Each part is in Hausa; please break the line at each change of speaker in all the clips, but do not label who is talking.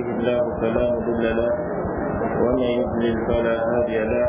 الله فلا مضل له ومن يضلل فلا هادي له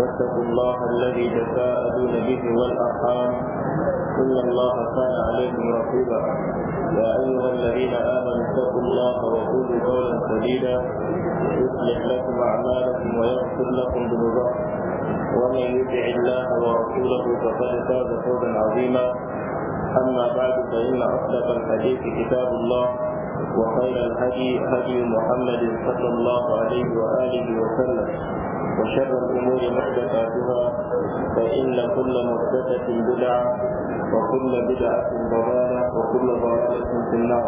واتقوا الله الذي تساءلون به والارحام ان الله كان عليكم رقيبا يا ايها الذين امنوا اتقوا الله وقولوا قولا سديدا يصلح لكم اعمالكم ويغفر لكم ذنوبكم ومن يطع الله ورسوله فقد فاز فوزا عظيما اما بعد فان اصدق الحديث كتاب الله وخير الهدي هدي محمد صلى الله عليه واله وسلم وشر الأمور محدثاتها فإن كل محدثة بدعة وكل بدعة ضلالة وكل ضلالة في النار.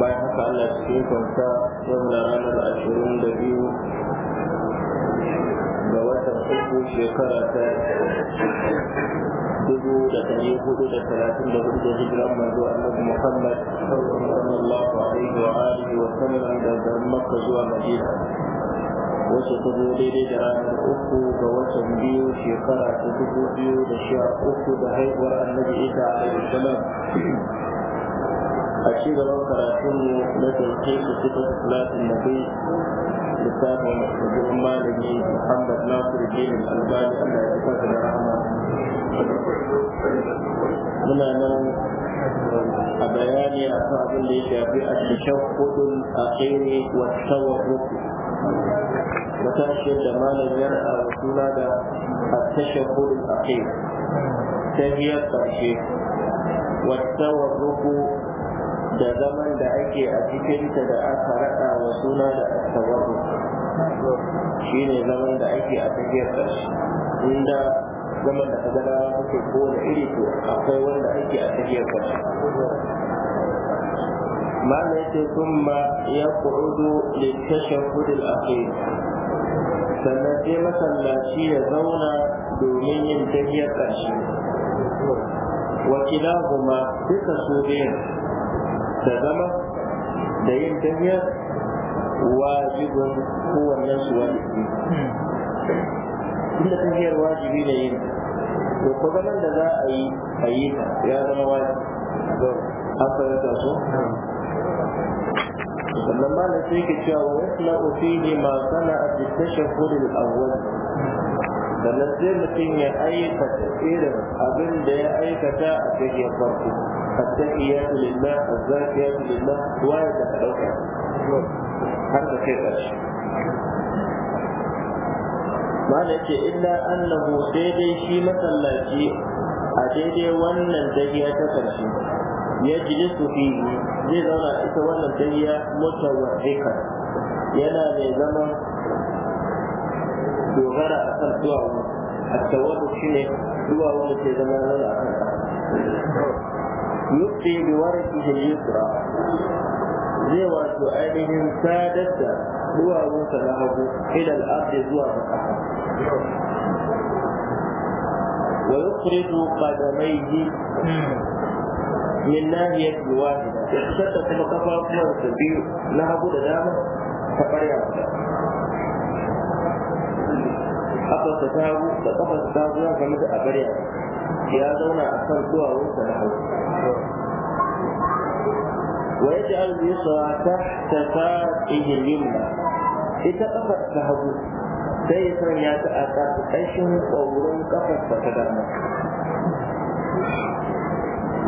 باي حتى على سكين كنتا يوم لعام العشرون دبيو بواسع حكو شكرا دبو لتنيه دبو لتلاتين دبو دبو دبو دبو دبو محمد صلى الله عليه وآله وسلم عند مكة جوا مدينة Wasu ta zo daidai da ranar uku ga watan biyu shekara ta dubu biyu da sha uku da haihuwar annabi isa alaihi salam a ci gaban karatunmu na tarihi da suka salatin nabi lissafin jirgin malami muhammad nasiru jinin albani allah ya fasa da rahama muna nan a bayani a kan abin da ya shafi a cikin hudun a kai wa tsawon matashiyar da malamiyar a suna da attashahudin akhir ta biyar ƙarshe wata warruku da zaman da ake a cikinta da aka raɗa wa suna da attawarru shi ne zaman da ake a inda zaman da iri to akwai wanda a ما ليس ثم يقعد للتشهد الأخير sannan sai masallaci ya zauna domin yin tahiyar ƙarshe wakila kuma duka su biyan da zama da yin tahiyar wajibin kowannen su wajibi inda tahiyar wajibi ne yin to ko zaman da za a yi a yi ya zama wajibi a ta so? sannan ma na sai ke cewa wa yasna fihi ma sana'a fi tashahhud al-awwal sannan sai mutum ya aikata irin abin da ya aikata a cikin farko التحيات لله الزاكيات لله وارد حلوك حتى ce illa إلا أنه سيدي شي مثلا a daidai wannan dahiya ta ƙarshe يجلس فيه زي لذلك يتولى الدنيا متوحكا ينا لذلك دوغرا أثر دعوه التواب الشنع دعوه لذلك لذلك يبقي بورثه اليسرى زوى سؤاله سادسا هو موسى لهب إلى الأرض زوى مكحة ويخرج قدميه min nahiyat wahida shadda kuma kafafuwar biyu na hagu da dama ta ƙarya guda kafar ta tagu da kafar ta tagu game da abarya ya zauna a kan duwawunsa na wa ya ji alwisa ta tafa ihilimna ita kafar ta hagu sai ya sanya ta a ƙarƙashin ƙwaurin kafar ta dama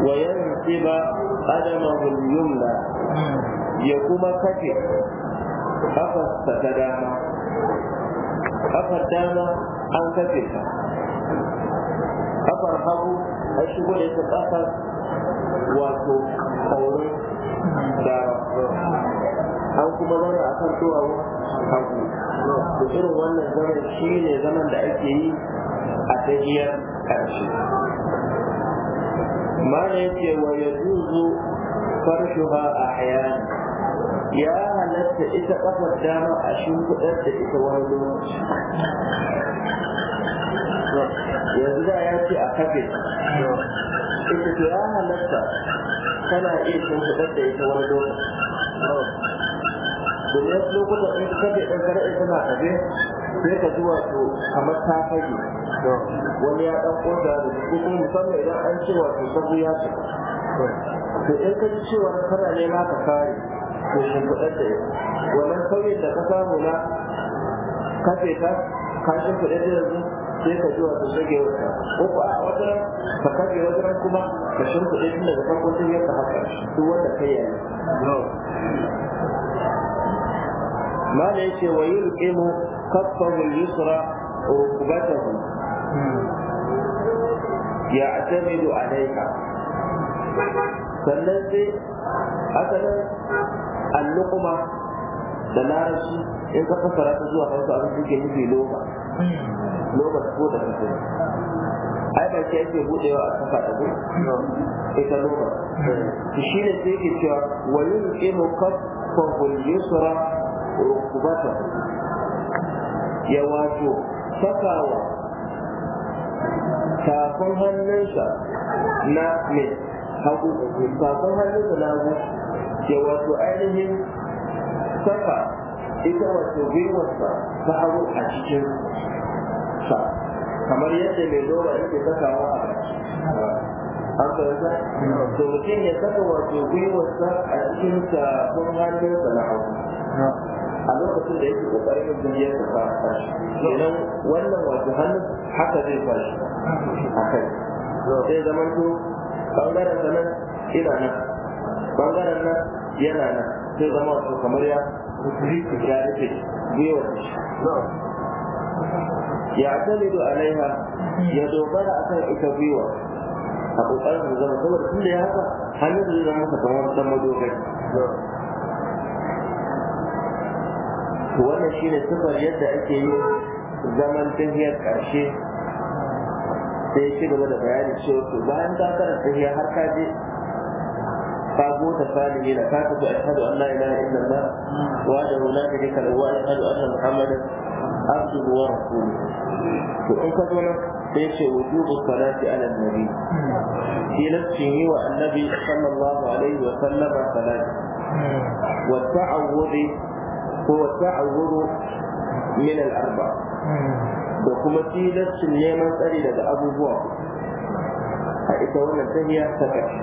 wa yanzu yu'assiba qadamahu al-yumna ya kuma kafe kafarsa ta dama kafar dama an kafe ta kafar hagu a shigo da ita kafar wato kaurin dama an kuma zauna a kan duwawu hagu da irin wannan zaman shi ne zaman da ake yi a tahiyar ƙarshe mana yake wa ya zuzu farshuha a hayani ya halatta ita kafar dama a shimfiɗar da ita wani lokaci yanzu da ya ce a kafe ita ce ya halatta kana iya shimfiɗar da ita wani lokaci domin wasu lokutan in kafe ɗan kare na kafe sai ka zuwa to kamar ta fage wani ya dan kosa da ko kuma musamman idan an ce wa sabu ya ce to in ka ji cewa kana nema ka kare to shi kuɗar da ya wannan kawai da ka samu na kafe ta kashin kuɗar da yanzu sai ka ji wato sage wata ko ko a wata ka kafe wata kuma ka shimfiɗe tun daga farko sai ya ka haka duk wanda kai yayi ما ليس ويلقم كفه اليسرى ركبته ya atamidu alaika sannan sai asalin alluquma da larabci in ka fassara ta zuwa hausa abin da ke nufi loba loma ko da kafin ai ba ke ake budewa a kafa da ku ita loma to shi ne sai ke cewa wa yulqimu kaffahu al-yusra rukbata ya wato sakawa kafin hannunsa na mai hagu kafin hannunsa na hagu ya wato ainihin saka ita wato gwiwarsa ta hagu a cikin sa kamar yadda mai lora yake sakawa a baki an karanta to mutum ya saka wato gwiwarsa a cikin safin hannunsa na hagu a lokacin da yake kokarin yin duniyar ta fara tashi kenan wannan wato hannun haka zai tashi a kai sai zaman to bangaren sa nan ina nan bangaren nan yana nan sai zama wato kamar ya rikki ya rufe gwiwar shi ya talidu alaiha ya dogara kan ita gwiwa a kokarin zama saboda tun da ya haka hannun zai zama kamar wata madogari wannan shi ne sifar yadda ake yi zaman tahiyar karshe sai ya gaba da bayani cewa to bayan ka karanta tahiyar har ka je ka zo ta salimi na ka tafi ashhadu an la ilaha ba wa da wula la sharika lahu wa ashhadu anna muhammadan abdu wa rasuluhu to in ka zo nan sai ya ce wujubu salati ala nabi tilastin yi wa annabi sallallahu alaihi wa sallama salati wa ta'awudi ko wata awuru min al da kuma tilastin neman tsari daga abubuwa a ita wannan tahiya ta kashi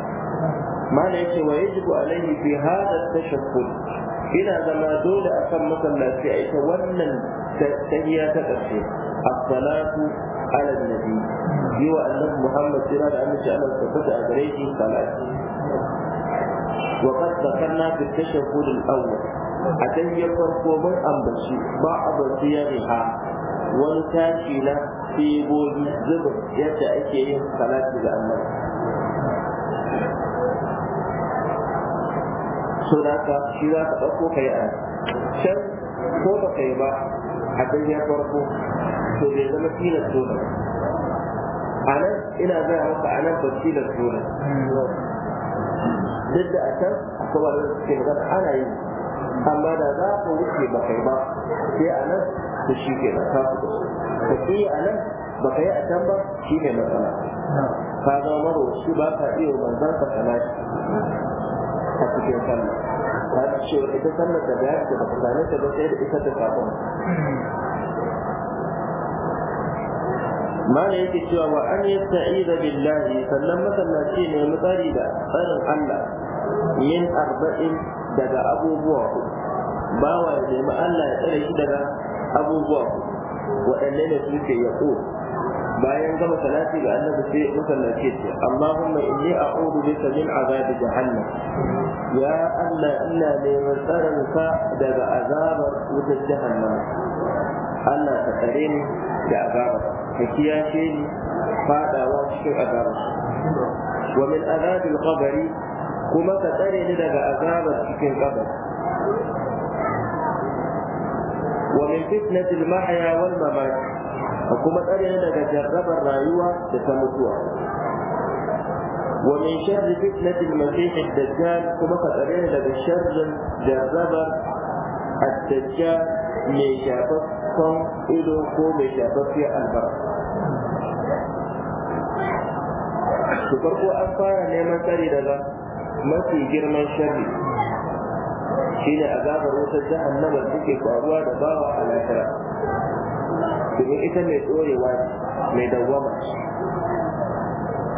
mana yace wa yajibu alaihi fi hada tashakkul ina zama dole akan masallaci a ita wannan tahiya ta karshe as-salatu ala annabi muhammad sira da amince Allah tabbata a gare shi وقد ذكرنا في التشهد الاول نعم. اتي يقوم امبشي ما ابشي بها والتاشي له في بول الزبر يتاتي يوم إيه صلاه الامر سوراكا شيراكا اوكو كيان شر كوكا كيبا اتي يقوم سوريا لمكينه سوريا أنا إلى ذا أنا بسيلة سورة نعم. duk da a can kuma wanda suke magana ana yi amma da za ku wuce ba kai ba sai a nan da shi ke da kafu da su ka iya a nan ba ka yi a can ba shi ne matsala ka zama maro shi ba ka iya manzan ka sana shi a cikin sallah ta ci cewa ita sallar da bayan da ba ka same ta ba sai da ita ta kafin mana yake cewa wa an yasta'idha billahi sannan masallaci ne mutsari da tsarin Allah min arba'in daga abubuwa ku. Ba wa ya nemi Allah ya tsare shi daga abubuwa ku. waɗanne ne suke ya bayan gama salati ga annabi sai masallaci ce yi a a'udhu bika min azabi jahannam ya Allah ina neman tsaron ka daga azabar wutar jahannam Allah ka tsare ni da azabar ka kiyashe ni fadawa cikin azabar wa min azabi al-qabri kuma ka tsare ni daga azabar cikin kabar wa min fitnatil mahya wal mamat ka kuma tsare ni daga jarrabar rayuwa da ta mutuwa wa min sharri fitnatil masih ad-dajjal kuma ka tsare ni daga sharrin jarrabar ad-dajjal mai shafaffen ido ko mai shafaffen albarka to farko an fara neman tsari daga mafi girman sharri shine azabar wata jahannama da take faruwa da bawa a lahira domin ita mai tsorewa mai dawwama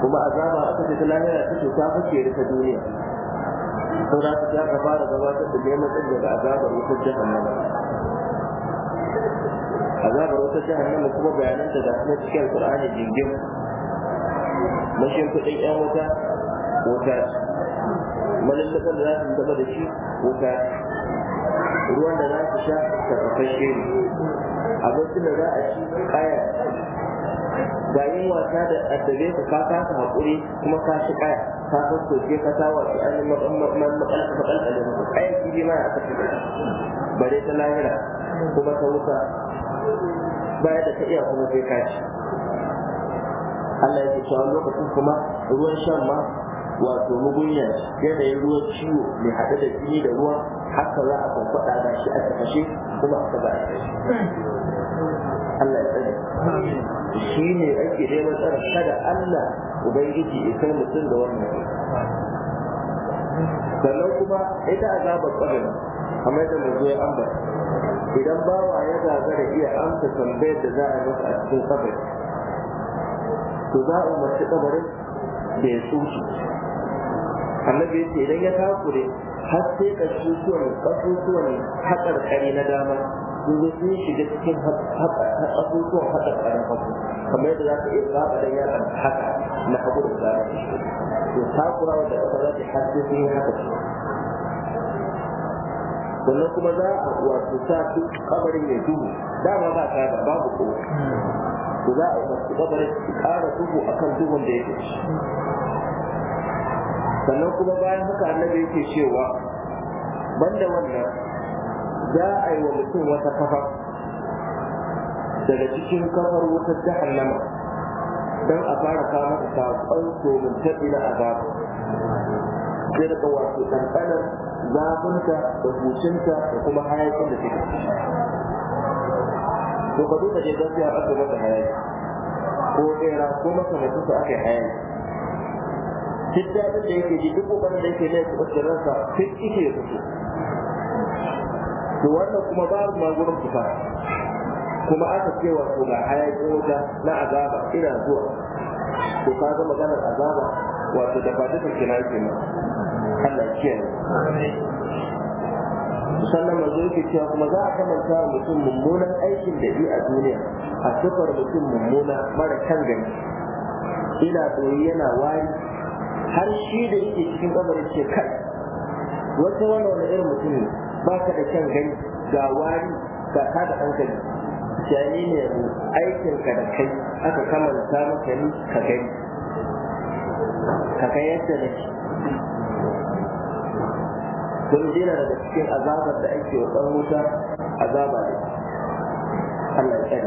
kuma azaba aka ce ta lahira ta ce ta fice da ta duniya sau da ta ka fara ta su neman tsin daga azabar wutar jahannama azabar wutar jahannama kuma bayananta da kuma cikin alkur'ani jingin mashin kuɗin 'yan wuta wuta malallakar da za su zama da shi wuta ruwan da za su sha tafafashe ne abincin da za a ci kaya ga yin wasa da addabe ka ka kasa haƙuri kuma ka shi kaya ka san soke ka sa wasu an makalkale maka kaya kibi ma aka fi bare ta lahira kuma ta wuta baya da ta iya kuma sai ka ci Allah ya ce lokacin kuma ruwan shan ma wato mugunyar yanayin ruwan ciwo mai haɗe da jini da ruwa haka za a faɗa da shi a tafashe kuma a kaba a Allah ya tsare shi ne ake neman tsara kada Allah ubangiji ya kai mutum da wannan sannan kuma ita azabar kabari kamar yadda mai zo ya ambata idan bawa ya gagara iya amsa tambayar da za a masa a cikin kabari to za a umarci kabarin da ya tsuci annabi yace idan ya takure har sai kasusuwan kasusuwan hakar kare na dama sun zo sun shiga cikin kasusuwan hakar kare kasu kamar yadda za ka iya saba dan yaran haka na hagu da dama to takura da aka zaci har sai sun yi haka sannan kuma za a wato sa su kabarin mai duhu dama ba ta da babu ko to za a yi wasu kabarin su ƙara duhu akan duhun da ya ke. sannan kuma bayan haka annabi yake cewa banda wannan za a yi wa mutum wata kafa daga cikin kafar wutar jahannama don a fara kawo masa saƙon domin taɓina a gaba sai daga wato ɗanɗanar zafinta da hucinta da kuma hayakin da take to ka duba dai gaskiya aka masa hayaki ko tsera ko masa mutum aka yi hayaki duk dadin da yake ji duk kokarin da yake laifin ɓacin ransa sai ike ya fito to wannan kuma ba babu magurin fita kuma aka ce wato ga hayaƙin wuta na azaba ina zuwa to ka ga maganar azaba wato da ba duka kina ke ma Allah kiyaye sannan manzo yake cewa kuma za a kamanta mutum mummunan aikin da yi a duniya a sifar mutum mummuna mara kan gani ina tsoyi yana wari har shi da yake cikin kabari ce kai wata wani wani irin mutum ba ka da kyan gani ga wari ga ka da hankali jani ne yanzu aikin ka da kai aka kamanta maka ni ka gani ka kai yadda da shi kun jina daga cikin azabar da ake wa ɗan wuta azaba ne Allah ya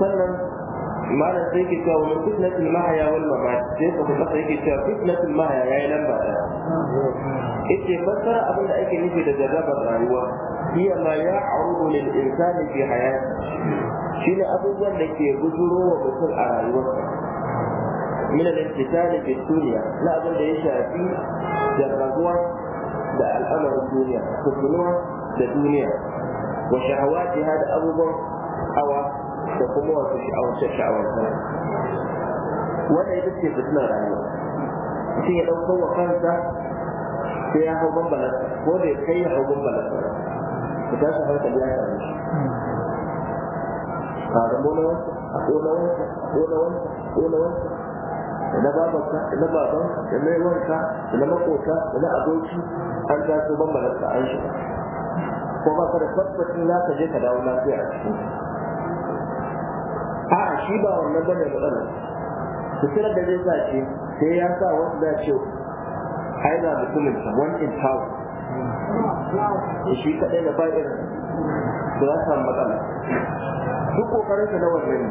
sannan malam sai ke cewa wani fitnatul mahaya wal mamat sai ka kuma sai ke cewa fitnatul mahaya yayi lamba daya yace fassara abin da ake nufi da jarrabar rayuwa hiya ma ya'rudu lil insani fi hayati shine abubuwan da ke guduro wa mutum a rayuwarsa min al-ibtitali fi dunya na abin da ya shafi jarrabuwa da al'amarin duniya kusunuwa da duniya wa shahawatiha da abubuwan awa da kuma wasu sha'awace sha'awace wannan ita ce fitinar rayuwa mutum ya ɗauko wa kansa sai ya hau bambalar ko da kai ya hau bambalar ku ta su hankali ya same shi ka ga mona wanta a ƙona wanta ƙona wanta ƙona wanta da na babanka da na babanka da na yawanka da na makota da na aboki an taso bambalar ka an shiga ko ba ka da tabbacin za ka je ka dawo lafiya a cikin shi ba wannan bane matsala suturar da zai sa ce sai ya sa wasu da ce ai na mutumin one in thousand shi kaɗai da ba irin to ya samu matsala duk kokarinsa na wannan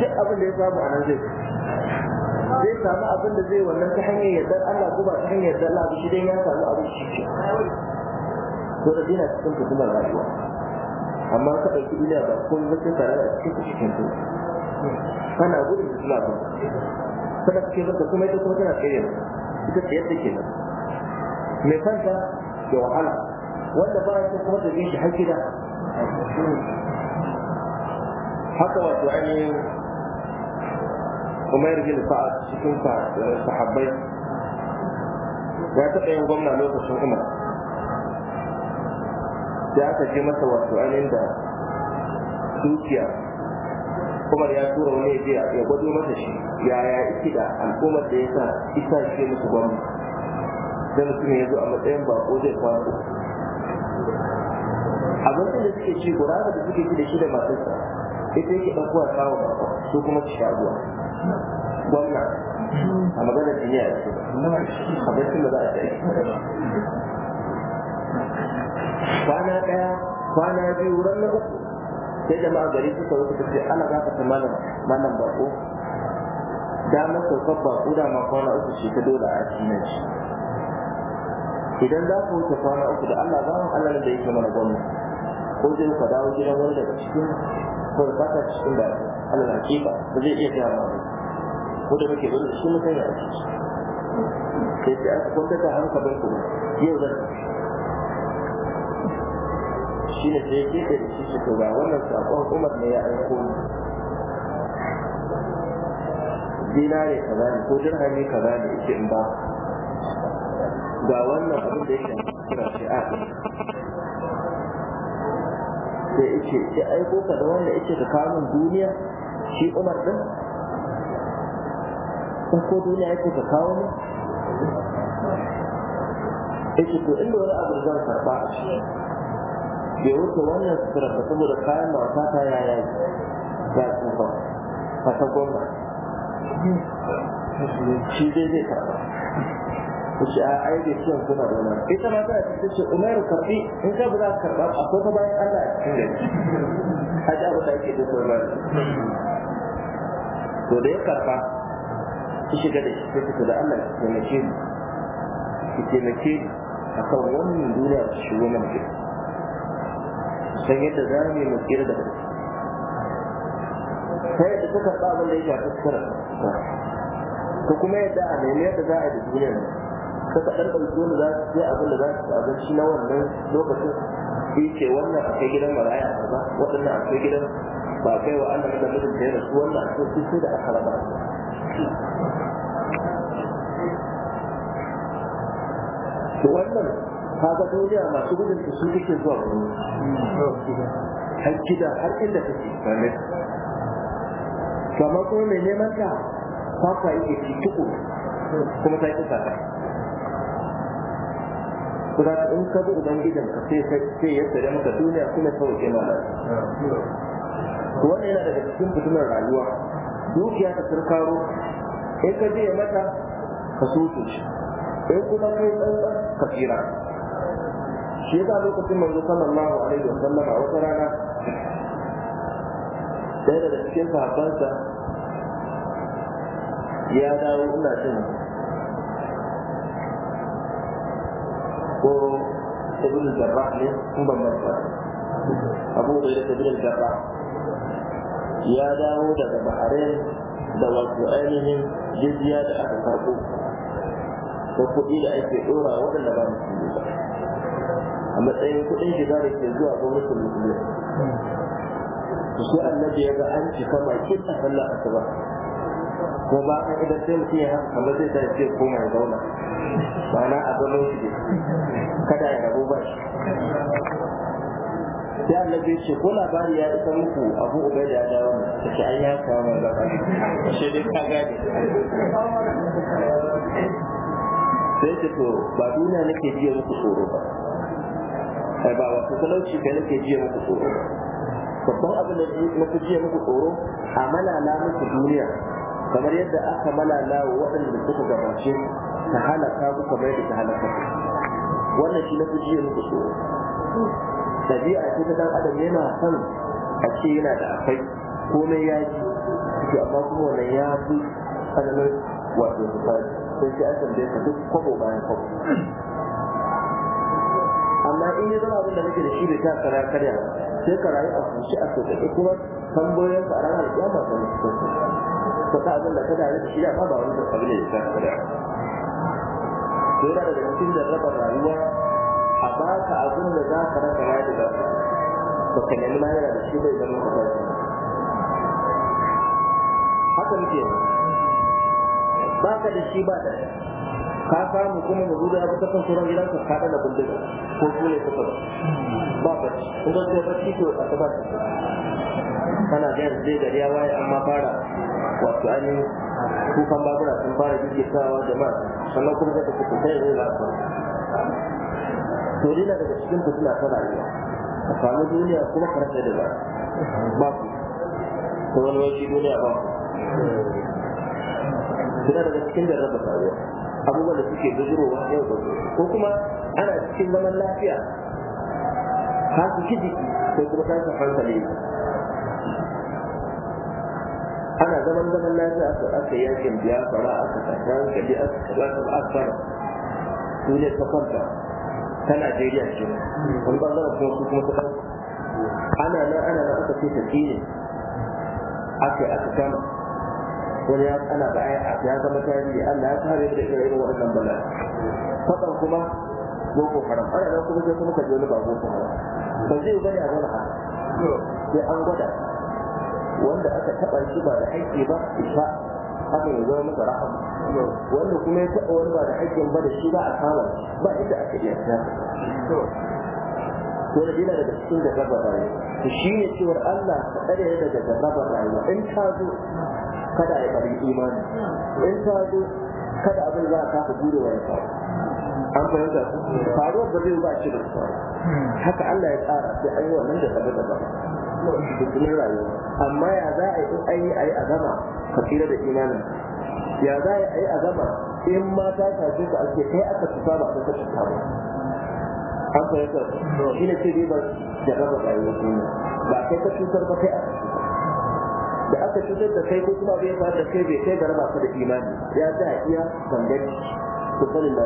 shi abin da ya samu a nan zai zai samu abin da zai wannan ta hanyar yardar Allah ko ba ta hanyar yardar Allah ba shi dai ya samu abin shi ke ko da dina cikin kuma rayuwa amma ka ɗauki ina ba kun zai tsara cikin cikin cikin Ana gudun da suna gudun tana cikin ranka kuma ita kuma tana tsaye ita tsaye take nan mai fanta da wahala wanda ba ya kuma da shi har gida haka wato ainihin Umar bin Sa'ad cikin eh, sahabbai ya taɓa yin gwamna lokacin Umar Sai aka je masa wato ainihin da dukiya Umar ya tura wani ya ya gwado masa shi yaya iki da al'ummar da ya sa isa shi musu gwamna Dan mutum ya zo a matsayin bako zai a abincin da suke ci gura da suke ci da shi da matarsa ita yake ɗan kuwa kawo bako su kuma ci shaguwa gwamna a magana jiniya ya ce abincin da za a tsaye kwana ɗaya kwana biyu ran na uku sai jama'a gari suka zo suka ce ana za ka ta malam malam bako damar saukar bako da ma kwana uku ce ta dole a cikin shi idan za ku wuce kwana uku da Allah za mu Allah da yake mana gwamnati ko zai ka dawo gidan wani daga cikin ko cikin da Allah na kifa ba zai iya gaya mana ko da muke gudu shi mutane a ciki sai sai aka kwanta ta hankalin ku yau zan shi ne sai ke da shi to ga wannan sakon Umar ne ya aiko ni dinare kaza ne ko dirhami kaza ne yake in ba ga wannan abin da yake kira shi a sai yake ya aiko ka da wanda yake ka kamun duniya shi Umar din ko duniya yake ka kawo mu yake to inda wani abu zan karba a shi bai wuce wannan sutura ba saboda kayan wasa ta yaya ya tsufa ta goma shi dai zai karɓa kuce a yi da kiyan suna da nan ita ma tana cikin shi umaru karɓi in ka ba za ka karɓa ko ta bayan allah a cikin gari a ji abu da ake da sauran to da ya karɓa ki shiga da shi sai da allah ki taimake ni ki taimake ni kan wannan duniya ta shigo mana ita san yadda za mu yi mu tsira da kai sai da suka sa abin da ya shafi tsira ka kuma yadda a nemi yadda za a yi da duniya ka ka ɗan ɗauki wanda za su je abin da za su abinci na wannan lokacin shi ce wannan akwai gidan maraya ba waɗannan akwai gidan ba kai wa Allah da mutum da su, rasu wannan akwai su sai da aka raba to wannan kaga duniya masu gudun su sun kike zuwa gurin har da har inda kake bane kamar ko mai neman ka kwakwa yake ci tuku kuma ta yi kusa ta kuma in ka bi ubangijan ka sai sai ya tsare maka duniya kuma sauke mana to wannan yana daga cikin fitinar rayuwa dukiya ta turkaro in ka je mata ka soke shi in kuma kai tsantsan ka tsira shi yasa lokacin manzo sallallahu alaihi wasallam a wata rana ɗaya daga cikin sahabbansa ya dawo ina cin ko da ba ne kun ban manta abu da ya da ba. ya dawo daga bahrain da wasu ainihin jizya da aka karɓo ko kuɗi da ake ɗora waɗanda ba musulmi ba a matsayin kuɗin shiga da ke zuwa gwamnatin musulmi su annabi ya ga an cika bakin a sallar asuba ko ba a idan sai mutum ya haka kamar zai tafi ya koma ya zauna na a zaman shi kada ya rabu ba shi sai annabi ya ce ko labari ya isa muku abu uba da ya dawo mu ta ce an ya kawo mai zaka
shi dai ka gane
sai ce to ba duniya nake biya muku tsoro ba ai ba wasu talauci kai nake jiya muku tsoro babban abin da nake jiya muku tsoro a malala muku duniya kamar yadda aka malala wa waɗanda suka gabace ta halaka ku kamar yadda ta halaka wannan shi nake jiya muku tsoro dabi'a ce ta dan adam yana son a ce yana da akwai komai ya ji to amma kuma wannan ya fi tsananin wato sai sai an tambaye ka duk kwabo bayan kwabo amma in ya zama abin da nake da shi bai ta karya sai ka rayu a kunshi a sauƙaƙe kuma tambayoyin ka a ranar kiyama ka musu kanka ta abin da ka da shi da ba wani abin da ya ta karya sai yana daga cikin raba rayuwa a baka abin da za ka raka ya daga ba ka nemi ma yana da shi bai zama ka haka muke ba ka da shi ba da ka samu kuma mu zuwa ya ta kan sauran gidan ka kada da bindiga ko kule ka saba ba ba in da ta barci to a saba kana ga yanzu zai gari ya waye amma fara wato an kukan babura sun fara da jama'a sannan kuma zai tafi kusa ya zai ba. to dina daga cikin fitina ta rayuwa a samu duniya kuma karfe da ba ba ku ko wani wani duniya ba ku suna daga cikin jarrabar rayuwa abubuwan da suke bujirowa yau da ko kuma ana cikin zaman lafiya Ha su ki jiki ko kuma ta su hankali ana zaman zaman lafiya aka aka yakin biya fara aka tashi hankali aka kaba ta akbar su ne ta kwanta ta Najeriya ce wani bangaren kuma su kuma ta ana nan ana nan aka ce ta ne aka aka kama wani ya ana da ya zama tarihi Allah ya kare da irin waɗannan bala'i faɗan kuma boko haram ana nan kuma sai kuma ka je wani ba boko haram ba zai bari a zama sai an gwada wanda aka taɓa shi ba da haƙƙi ba isha haka ya zama masa raham wanda kuma ya taɓa wani ba da haƙƙin ba da shi ba a kama ba inda aka iya sa. wani yana daga cikin da gaba rayuwa shi ne cewar Allah ka tsare daga gaba rayuwa in ka zo kada ya bari imani in ta zo kada abin za a kafa gure wa ya an fahimta su faruwar da zai ba shi da faru haka Allah ya tsara sai an yi wannan da gaba gaba cikin rayuwa amma ya za a yi in an yi a yi a ka tsira da imanin ya za a yi a zama in ma ta sace ka ake kai aka tuta ba ka tuta ba an fahimta su shi ne ce dai ba da gaba rayuwa ba kai ka cutar ba kai aka da aka cutar da kai ko kuma bai fa da kai bai kai garaba ka da imani ya ta iya gangan ko sanin da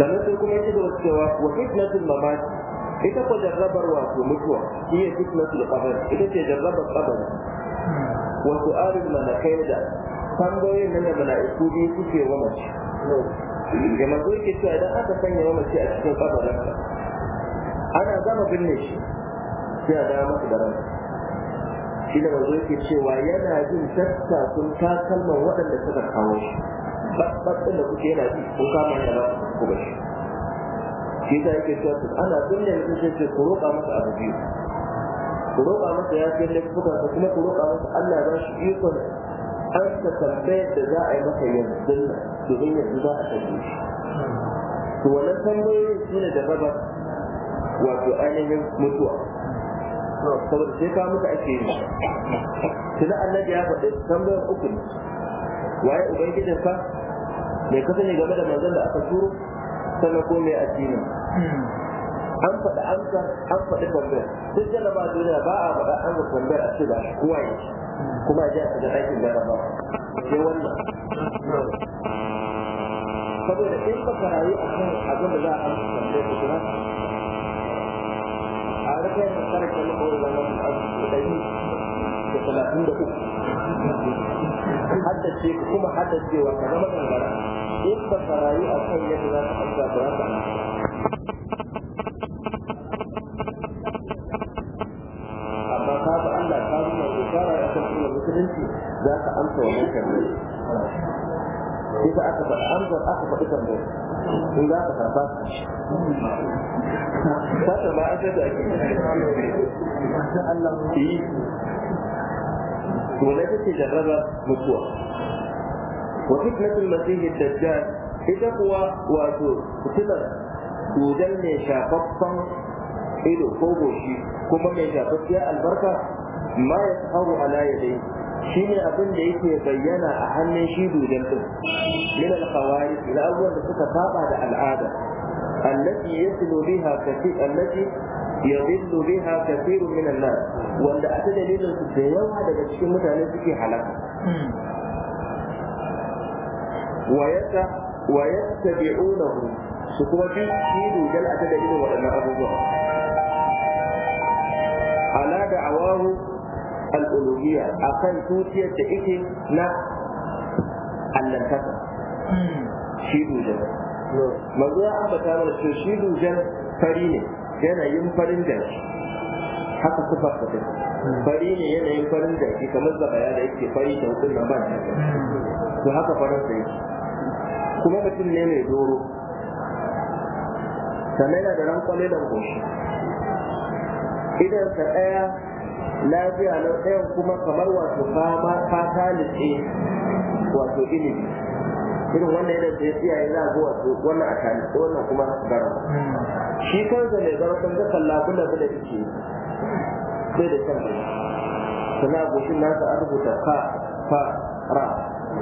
sannan sai kuma yake da cewa wa fitnatul mamat ita ko jarrabar wato mutuwa iya fitnatul qabr ita ce jarrabar qabr wa su'alul malakai da tambayoyin nan da mala'iku biyu suke wa mace ya mazo yake cewa idan aka sanya wa mace a cikin kabarinsa ana gama binne shi sai a masu masa da ransa shi da manzo yake cewa yana jin tattakun takalman waɗanda suka kawo shi babbatsin da kuke yana ji kun kama da ba ku ba shi shi ta yake cewa ana binne mutum sai ce ku roƙa masa abu biyu ku roƙa masa ya kai laifuka ka kuma ku roƙa masa Allah ba shi ikon an ka tambayar da za a yi masa yanzu domin yanzu za a tambaye shi to wannan tambayoyin su ne da raba wato ainihin mutuwa saboda sai ka muka ake yi tuna annabi ya faɗi tambayar uku ne waye ubangijin ka mai kasa ne game da manzon da aka turo sannan ko mai addini an faɗi amsa an faɗi tambayar duk jarraba duniya ba a faɗa an ga tambayar a ce ba shi kowa ya kuma a ji a shiga ɗakin jarraba sai wannan saboda in baka rayu a kan abin da za a amsa tambayar da أعرف أن الخارج كان هو da talatin da uku haddace ka kuma haddacewa ka zama dangara in ba ka rayu a kan yadda za ka amsa ba za ka amma ka ba Allah ka zama da fara a kan sunan musulunci za ka amsa wannan karni sai aka faɗi amsar aka faɗi karni in za ka karfa sata ba a da ake yi eh. to na take jarraba mutuwa wa fitnatul masihi dajjal ita kuwa wato fitilar dudan ne shafaffan ido ko goshi kuma mai shafaffiyar albarka ma ya tsaharu ala yadai shi ne abin da yake bayyana a hannun shi dudan din min al-qawaid ila abubuwan da suka saba da al'ada allati yaslu biha kathir allati yadillu biha kathir min wanda a dalilin su da yawa daga cikin mutane suke halaka wa yata wa yattabi'unahu su kuma bi shi dujal a ta dalilin waɗannan abubuwa akan tutiyar da na shi dujan manzo ya ambata mana cewa shi dujan fari ne yanayin farin jaki haka sifar ta take fari ne yanayin farin jaki kamar zabaya da yake fari da hukun nan ba to haka farin sa yake kuma mutum ne mai doro sannan yana da ran kwalelan goshi idan ka ɗaya lafiya na ɗayan kuma kamar wato fama fata litse eh, wato ilimi irin wannan yana da tsiyaye za a zuwa su wannan a kani wannan kuma garo shi kansa mai garo kan zaka labula da yake sai da kan sana shi nasa an rubuta ka fa ra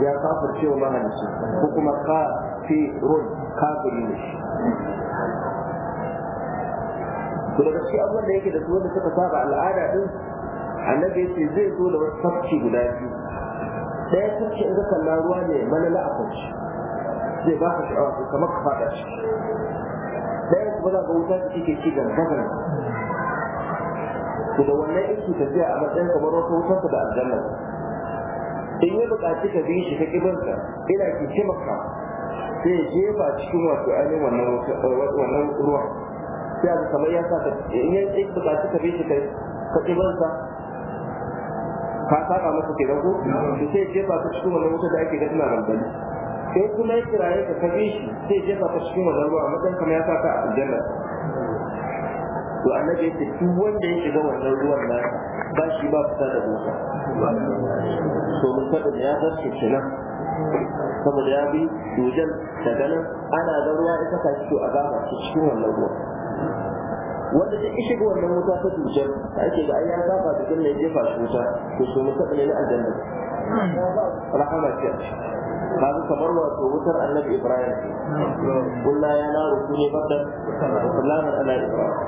ya kafar cewa mahalici ko kuma ka fi run kafiri ne to daga cikin abubuwan da yake da su wanda suka saba al'ada din annabi yace zai zo da wasu tafki guda biyu ɗaya tafki in ka kalla ruwa ne malala a kwanci zai ba ka sha'awa ko kamar ka fada shi ɗaya kuma za ka wuta ta take ci gangan to da wannan iki tafiya a matsayin kamar wata wutar da aljanna in ya buƙaci ka bi shi ta ƙibarsa ina ki taimaka sai jefa cikin wato ainihin wannan eh, ruwan sai a kamar ya sa in ya buƙaci ka bi shi ka ƙibarsa ka saka masa kenan ko sai jefa ka cikin wannan wutar da ake ga ina rambani sai kuma ya kiraye ka ka bi shi sai jefa ka cikin wannan ruwa matsayin kamar ya sa ka a aljanna to annabi yace duk wanda ya shiga wannan ruwan nan ba shi ba fita da boka to mun fada ya zarce kenan saboda ya bi dujan daga nan ana ga ruwa ita ka to a gaba cikin wannan ruwan wanda duk shiga wannan wuta ta dujan da ake ga ai ya saba da gunne jefa shi wuta to so mun fada ne na aljanna rahama ce kaga kamar wato wutar annabi ibrahim kulla ya na ruku ne fadar kullana ala ibrahim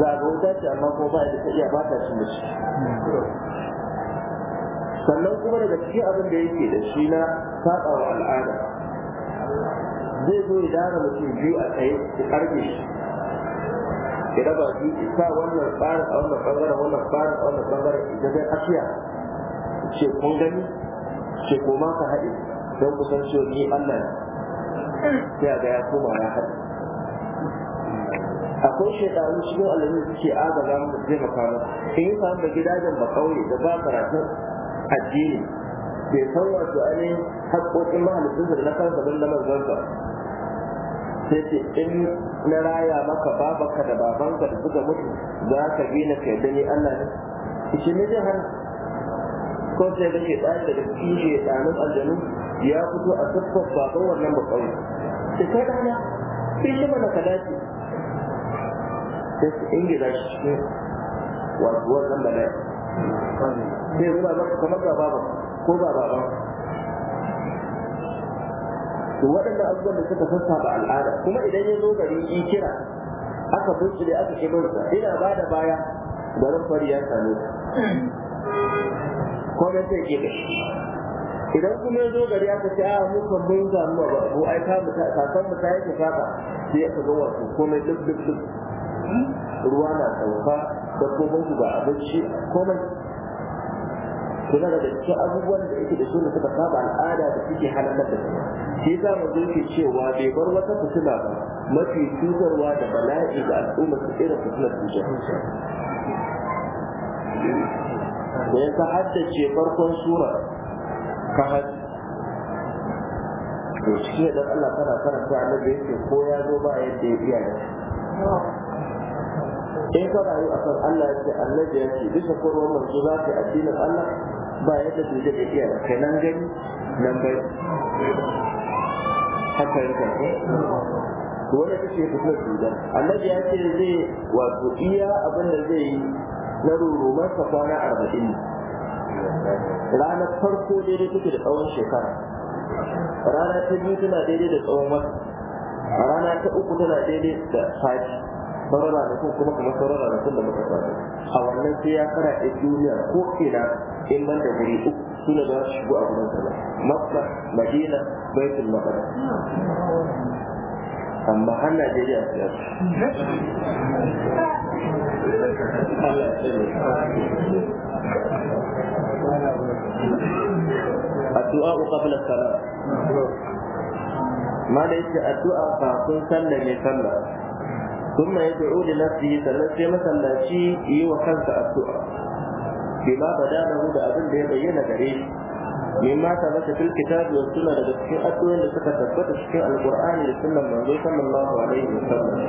za ga wuta ce amma ko ba ta iya ba ta shi mishi sannan kuma daga cikin abin da yake da shi na saba wa al'ada zai zo ya dara mutum biyu a tsaye su karfe shi ya raba su sa wannan tsarin a wannan bangaren wannan tsarin a wannan bangaren idan zai asiya ce kun gani ce koma ka haɗe don ku san cewa ni Allah ne sai ga ya koma ya haɗu akwai shekaru cikin alamu suke agaza mu zai makama in yi samu da gidajen ba kauye da ba karatun addini bai san wato ainihin haƙoƙin mahalicinsa da na kansa don na manzansa sai ce in na raya maka babanka da babanka da suka mutu za ka gina ka yadda ni Allah ne shi ne zai har ko sai da ke ɗaya daga cikin shekarun aljanu ya fito a sabbar babban wannan bakwai kauye sai kai dana sai shi mana kadaci sai su ingila shi cikin wato wannan bala'i sai nuna ba kamar ga baba ko ba baba to waɗanda abubuwan da suka sassa ba al'ada kuma idan ya zo gari in kira aka bincike aka shigarsa ina ba da baya garin fari ya same da. sai ke da shi idan kuma ya zo gari aka ce a ah, mu kan mun ga mu ba ko ai ka mu ta kakan mu ta yake kaka sai ya kaga wato komai duk duk duk ruwa na sauka da komai ba ga abinci komai kuma daga cikin abubuwan da yake da su suka saba al'ada da suke halakar da su shi za mu zai cewa bai bar wata fitila ba mafi cutarwa da bala'i ga al'ummar su irin fitilar cutar da ya ta haddace farkon sura kahar to shi dan Allah tana karanta annabi yake ko ya zo ba yadda ya iya in ka rayu a kan Allah ya ce annabi ya ce bisa korwar manzo za ka addinin Allah ba yadda su zai iya kai nan gani nan bai haka yin karfe wanda ta ce fitar duda annabi ya ce zai wato iya abin da zai yi na rurumar sa kwana arba'in ranar farko daidai take da tsawon shekara rana ta biyu tana daidai da tsawon wata rana ta uku tana daidai da sati sauran ranakun kuma kamar sauran ranakun da muka sani a wannan sai ya kara a duniya ko kenan, in ban da guri uku su ne za su shigo a gurin sallah makka madina baitul maqdis amma har Najeriya su yi Allah ya addu'a qabla salat ma da yake addu'a kafin sallah ne sallah ثم يدعو nafsi sannan sai masallaci yi wa kansa addu'a ma bada lahu da abin da ya bayyana gare shi ma ta masa fil kitabi wa sunna daga cikin addu'o'in da suka tabbata cikin alqur'ani da sunnan manzo sallallahu alaihi wa sallam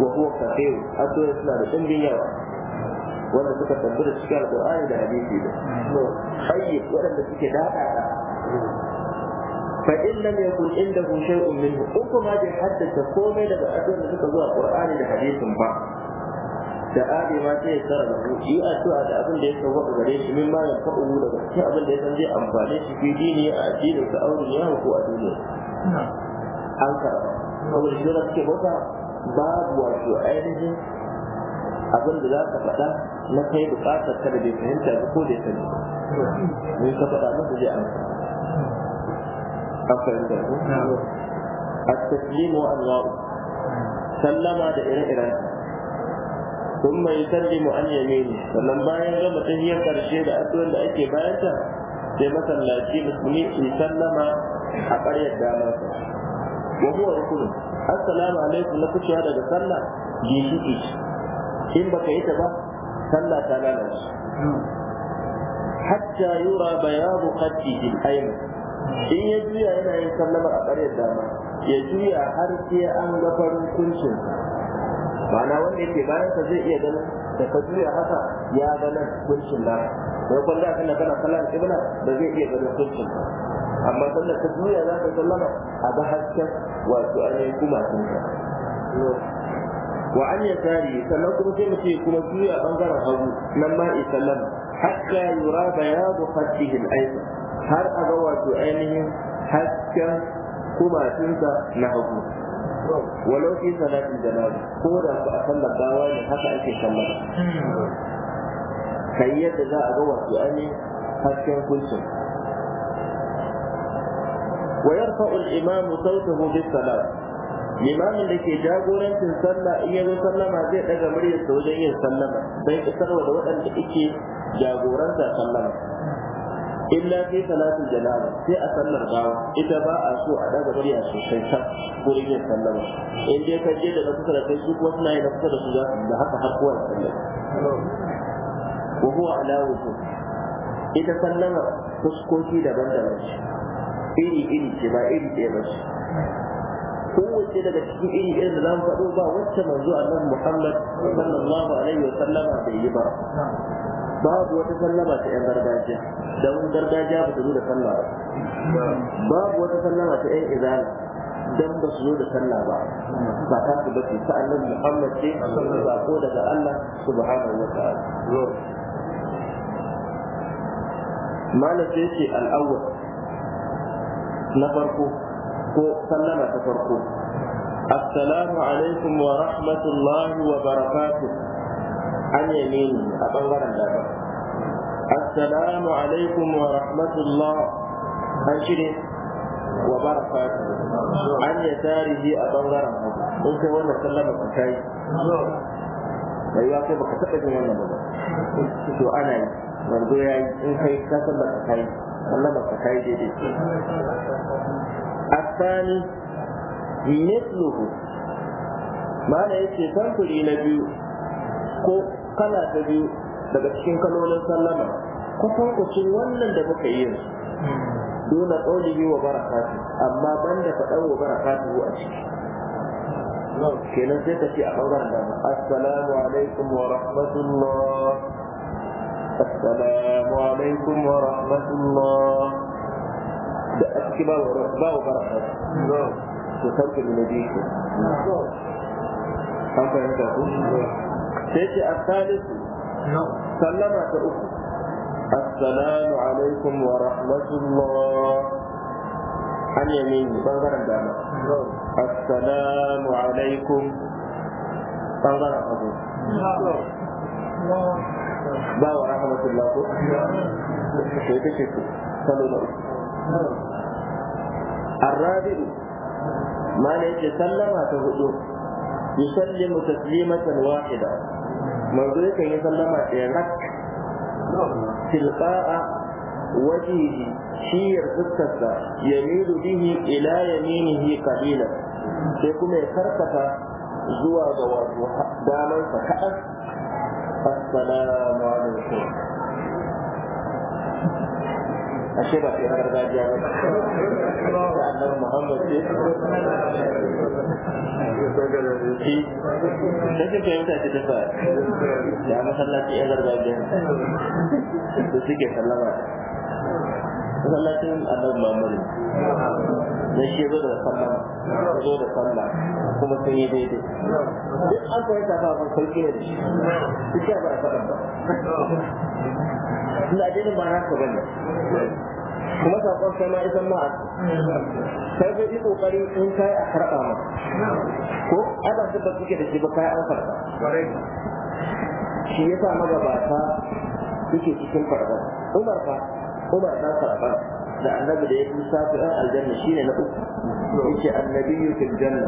wa huwa kafiru addu'a suna da dimbin yawa wanda suka tabbata cikin alqur'ani da hadisi da tayyib waɗanda suke dada fa in lam yakun indahu shay'un minhu ko kuma bai haddace komai daga addu'ar da suka zuwa qur'ani da hadisin ba da ade ma sai ya tsara da su yi addu'a da abin da ya sauwa a gare shi min ma ya fa'u daga cikin abin da ya san zai amfane shi fi dini a addinin sa auren yawo ko a duniya an karɓa saboda shi da suke bauta babu wato ainihin abin da za ka faɗa na kai buƙatar ka da bai fahimta ba ko da ya sani ne ka faɗa masa zai amsa an fahimta ko a taslimu anwa'u sallama da ire-iren mai ثم يسلم عن يمينه sannan bayan gama tahiyar ƙarshe da addu'an da ake ta, sai masallaci musulmi su sallama a ƙaryar damar sa wa huwa rukun assalamu alaikum na fitowa daga sallah ginshiki in baka yi ta ba sallah ta lalace hatta yura bayadu qaddihi bil ayman in ya juya yana yin sallama a ƙaryar dama ya juya har sai an ga farin kuncin ma'ana wanda yake bayan ka zai iya ganin da ka juya haka ya ga nan kuncin da ya kwalla kana kana sallar ibna ba zai iya ganin kuncin ba amma sallar ta juya za ka sallama a ga hasken wato ainihin kumatunka wa an yasari sannan kuma sai mace kuma a bangaren hagu nan ma isallama hatta yura bayadu khaddihim aidan har a ga wato ainihin hasken kumatunsa na hagu walau fi salatin janabi ko da ku a sallar gawa ne haka ake sallar kai yadda za a ga wato ainihin hasken kuncin ويرفع الإمام صوته بالصلاة limamin da ke jagorancin sallah in ya zo sallama zai daga muryar sa wajen yin sallama sai isarwa da waɗanda yake jagoranta sallama illa fi salatul janaba sai a sallar gawa ita ba a so a daga murya sosai ta gurin yin sallama in dai ka je da na kusa da kai su kuma suna yi na kusa da su za su da haka har kowa sallama wa huwa ala wujuh ita sallama fuskoki daban-daban ce iri-iri ce ba iri ɗaya ba ce kowace daga cikin iri irin da zamu faɗo ba wacce manzo annabi Muhammad sallallahu alaihi wa sallama bai yi ba babu wata sallama ta yan gargajiya don gargajiya ba su zo da sallah ba babu wata sallama ta yan izala dan ba su zo da sallah ba ba ta su bace ta annabi Muhammad ce ba ko daga Allah subhanahu wa ta'ala malam sai ce al na farko ko sallama ta farko assalamu alaikum wa rahmatullahi wa barakatuh an yamin a bangaren dama assalamu alaikum wa rahmatullah an shirye wa barakatuh an ya tarihi a bangaren hagu in kai wannan sallama ka kai Mai ya kai baka taɓa jin wannan ba to ana yi yanzu ya yi in kai ka san baka kai sallama ka kai daidai الثاني مثله ما لا يتي تنفري نبي ko kana ta biyu daga cikin kalolin sallama kwatankwacin wannan da muka yi dole ƙaulihi wa barakatu amma ban banda faɗar wa barakatu a ciki kenan sai ka ce a ɓangaren da assalamu alaikum wa rahmatullah assalamu alaikum wa rahmatullah da a ciki ba wa baraka to sarkin na biyu ke an fahimta ku sai ce a salisu sallama ta uku assalamu alaikum wa rahmatullah an yamini bangaren dama assalamu alaikum bangaren abu ba wa rahmatullah ko sai take ku salo na uku الرابع ما نيكي سلم تهدو يسلم تسليمة واحدة منذ يكن يسلم يرك تلقاء وجهه شير قصة يميل به إلى يمينه قليلا سيكون يكركك زوى دوار دامنك فكأس السلام عليكم ashe ba sai gargajiya ba da annabi Muhammad ce shi da ke fahimta ce ta fara ya masallaci ya gargajiya da suke sallama masallacin annabi mamuni na shi zo da sallah zo da sallah kuma sun yi daidai duk an kai ta ba sauki ne da shi duk ya ba faɗa ba ina dinin ba haka bane kuma sakon kai ma isan ma sai ko yi kokari in kai a karɓa ma ko ai ba duk da kuke da shi ba kai an karɓa shi yasa magabata yake cikin farko umar fa ko ba ta saba da annabi da ya fi safi aljanna shi ne na uku ce Annabi annabiyyu fi janna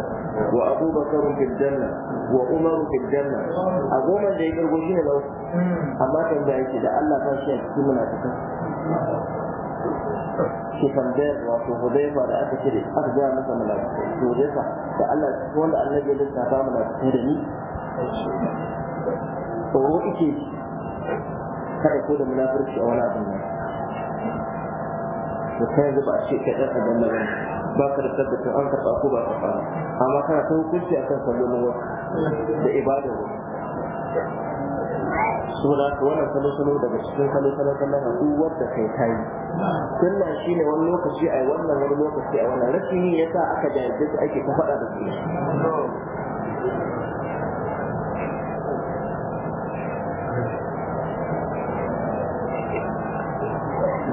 wa abubakar fi janna wa umar fi janna a goma da ya shi ne na uku amma kan tambaya yake da Allah ta shi a cikin munafikan shi tambayar wato hudaifa da aka cire aka gaya masa munafikai to hudaifa da Allah wanda annabi ya lissafa munafikai da ni tsoro ike kada ko da munafurci a wani abin nan da kai yanzu a ce kai ɗan aljanna ba ba ka da tabbata an karɓa ko ba ka fara amma kana ta hukunci akan sallolin wasu da ibadar wasu suna ka wannan salo-salo daga cikin salo-salo kan nan duk wanda kai tayi sunna shine wani lokaci ai wannan wani lokaci a wannan rashin ya sa aka jajjace ake ta faɗa da su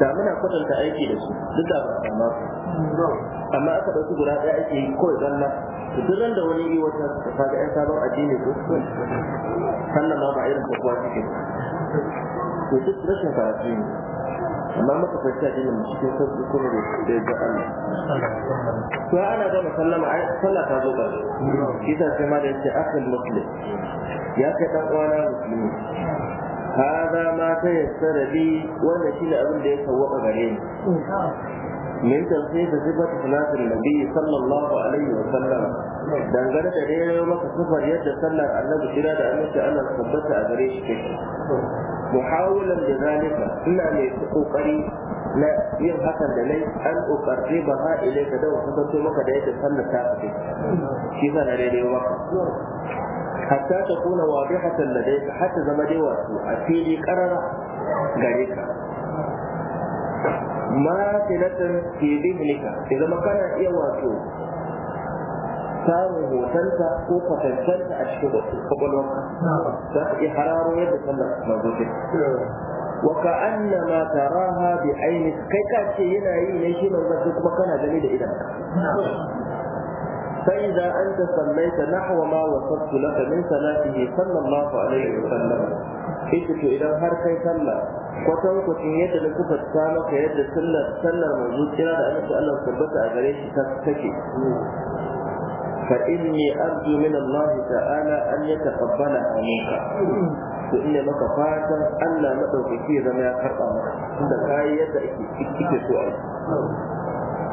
da muna kwatanta aiki da su duk da ba amma amma aka ɗauki guda ɗaya ake yi kawai zalla to duk ran da wani yi wata ta kaga ƴan sabon addini ko sannan ma ba irin kokowa suke to duk rashin karatu ne amma muka fahimci addinin mu cikin sauƙi kuma da da ga Allah to ana ga musallama ai sallah ta zo ba shi sai ma da yace akal muslim ya kai dan uwana musulmi hada ma ta yassara bi wannan shine abin da ya sawwaka gare ni min tafsir sifatu salatin nabi sallallahu alaihi wa sallam dangane da dai yadda sallar annabi kira da annabi Allah tabbata a gare shi kake muhawalan da zalika ina mai kokari na yin hakan da nai an kokarce ba ha ilaika da wasu maka da yadda ta fi na daidai hatta ta kuna wadihatan ladayka hatta zama dai wato a fili karara gare ka ma tilatan fi dhihnika ya zama kana iya wato samun hotonta ko kwatancanta a cikin kwakwalwarka za ka iya hararo yadda sallar manzo ke wa ka anna ma taraha bi aini kai ka ce yana yi ne shi manzo kuma kana gani da idanka فإذا أنت صليت نحو ما وصفت لك من صلاته صلى الله عليه وسلم إذا إذا هركي صلى kwatan kwacin yadda na kuka maka yadda sallar sallar manzo kira da annabi Allah tabbata a gare shi ta take fa inni arju min Allah ta'ala an yataqabbala minka to inda maka fatan Allah madaukaki ya zama ya karba maka tunda kike so a